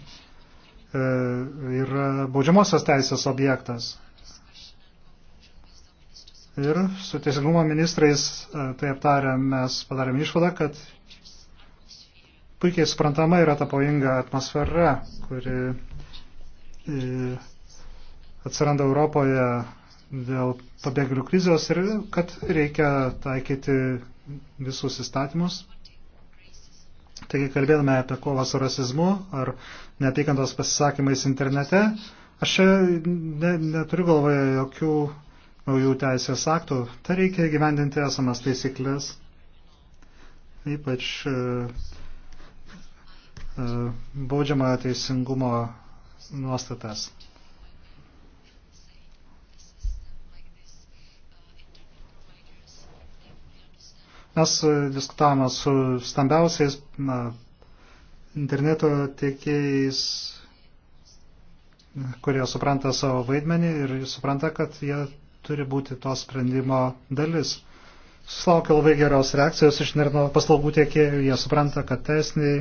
E, yra baudžiamosios teisės objektas. Ir su teisingumo ministrais e, tai aptarę mes padarėme išvadą, kad puikiai suprantama yra ta pavojinga atmosfera, kuri e, atsiranda Europoje dėl pabėgėlių krizės ir kad reikia taikyti visus įstatymus Taigi kalbėdame apie kovą su rasizmu ar neapykantos pasisakymais internete. Aš čia ne, neturiu galvoje jokių naujų teisės aktų. Tai reikia gyvendinti esamas taisyklės. Ypač e, e, baudžiamojo teisingumo nuostatas. Mes e, diskutavome su stambiausiais na, interneto tiekėjais, kurie supranta savo vaidmenį ir supranta, kad jie turi būti to sprendimo dalis. Susilaukia labai geros reakcijos iš interneto paslaugų tiekėjų, jie supranta, kad teisiniai,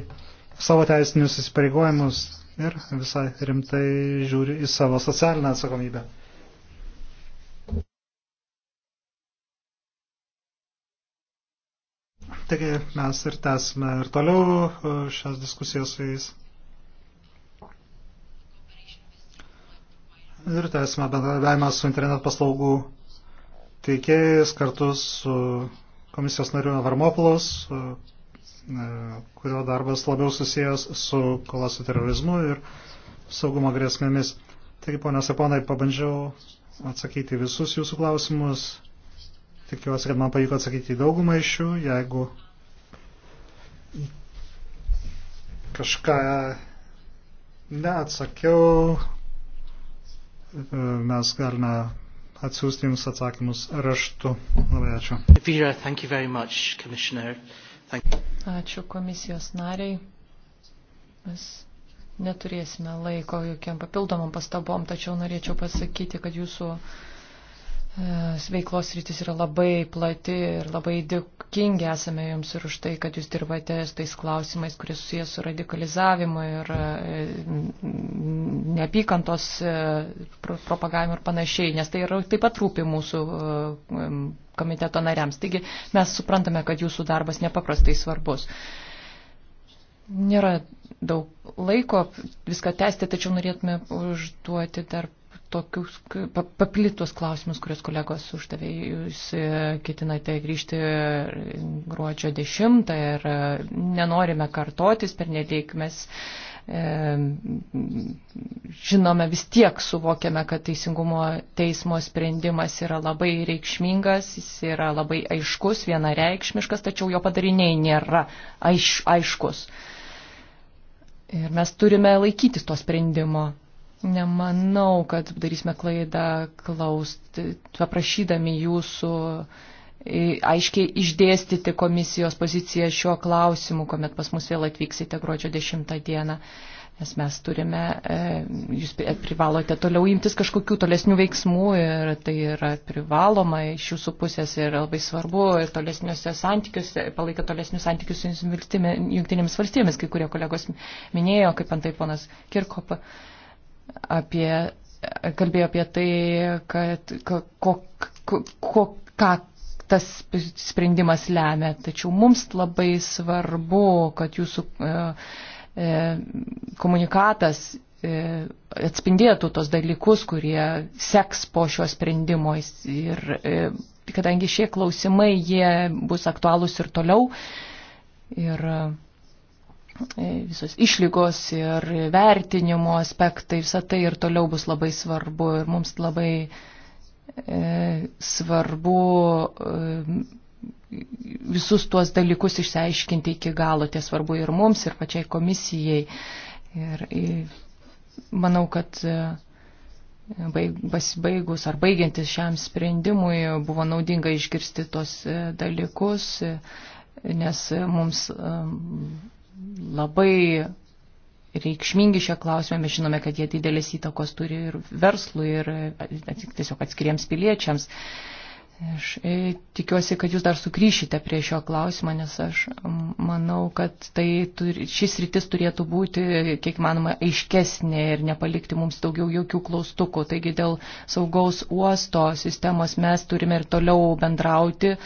savo teisinius įsipareigojimus ir visai rimtai žiūri į savo socialinę atsakomybę. Taigi mes ir tęsime ir toliau e, šias diskusijas su jais. Ir tęsime bendradavimą su internet paslaugų teikėjais kartu su komisijos nariu Varmopulos, e, kurio darbas labiau susijęs su kova su terorizmu ir saugumo grėsmėmis. Taigi, ponios ir ponai, pabandžiau atsakyti visus jūsų klausimus. Tikiuosi, kad man pavyko atsakyti į daugumą iš jų. Jeigu kažką neatsakiau, e, mes galime atsiųsti Jums atsakymus raštu. Labai ačiū. Vera, thank you very much, Commissioner. Thank you. Ačiū komisijos nariai. Mes neturėsime laiko jokiam papildomam pastabom, tačiau norėčiau pasakyti, kad jūsų E, veiklos rytis yra labai plati ir labai dėkingi esame jums ir už tai, kad jūs dirbate su tais klausimais, kurie susijęs su radikalizavimu ir e, neapykantos e, propagavimu ir panašiai, nes tai yra, taip pat rūpi mūsų komiteto nariams. Taigi mes suprantame, kad jūsų darbas nepaprastai svarbus. Nėra daug laiko viską tęsti, tačiau norėtume užduoti dar tokius paplitus klausimus, kuriuos kolegos uždavė. Jūs e, ketinate grįžti e, gruodžio 10 ir e, nenorime kartotis per nedėk. Mes žinome vis tiek, suvokiame, kad teisingumo teismo sprendimas yra labai reikšmingas, jis yra labai aiškus, vienareikšmiškas, tačiau jo padariniai nėra aiš, aiškus. Ir mes turime laikytis to sprendimo. Nemanau, kad darysime klaidą klaust, paprašydami jūsų e, aiškiai išdėstyti komisijos poziciją šiuo klausimu, kuomet pas mus vėl atvyksite gruodžio 10 dieną, nes mes turime, e, jūs privalote toliau imtis kažkokių tolesnių veiksmų ir tai yra privaloma iš jūsų pusės ir labai svarbu ir tolesniuose santykiuose, palaikė tolesnius santykius su jungtinėmis valstybėmis, kai kurie kolegos minėjo, kaip antai ponas Kirkopa apie, kalbėjo apie tai, kad ko, ko, ko, ką tas sprendimas lemia. Tačiau mums labai svarbu, kad jūsų e, e, komunikatas e, atspindėtų tos dalykus, kurie seks po šio sprendimo. Ir e, kadangi šie klausimai, jie bus aktualūs ir toliau. Ir E, visos išlygos ir vertinimo aspektai, visą tai ir toliau bus labai svarbu ir mums labai e, svarbu e, visus tuos dalykus išsiaiškinti iki galo, tie svarbu ir mums, ir pačiai komisijai. Ir, ir e, manau, kad e, pasibaigus ar baigiantis šiam sprendimui buvo naudinga išgirsti tos e, dalykus, nes mums labai reikšmingi šie klausimai, mes žinome, kad jie didelės įtakos turi ir verslui, ir tiesiog atskiriems piliečiams. Aš e, tikiuosi, kad jūs dar sugrįšite prie šio klausimo, nes aš manau, kad tai turi, šis rytis turėtų būti, kiek manoma, aiškesnė ir nepalikti mums daugiau jokių klaustukų. Taigi dėl saugaus uosto sistemos mes turime ir toliau bendrauti,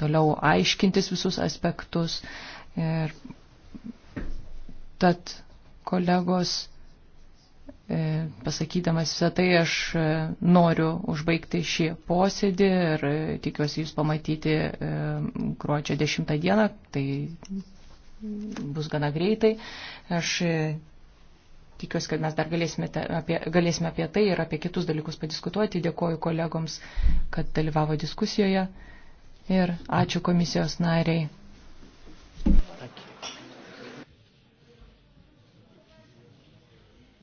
toliau aiškintis visus aspektus. Ir Tad, kolegos, e, pasakydamas visą tai, aš e, noriu užbaigti šį posėdį ir e, tikiuosi jūs pamatyti gruodžio 10 dieną, tai bus gana greitai. Aš tikiuosi, kad mes dar galėsime apie, galėsime apie tai ir apie kitus dalykus padiskutuoti. Dėkoju kolegoms, kad dalyvavo diskusijoje ir ačiū komisijos nariai. Thank you.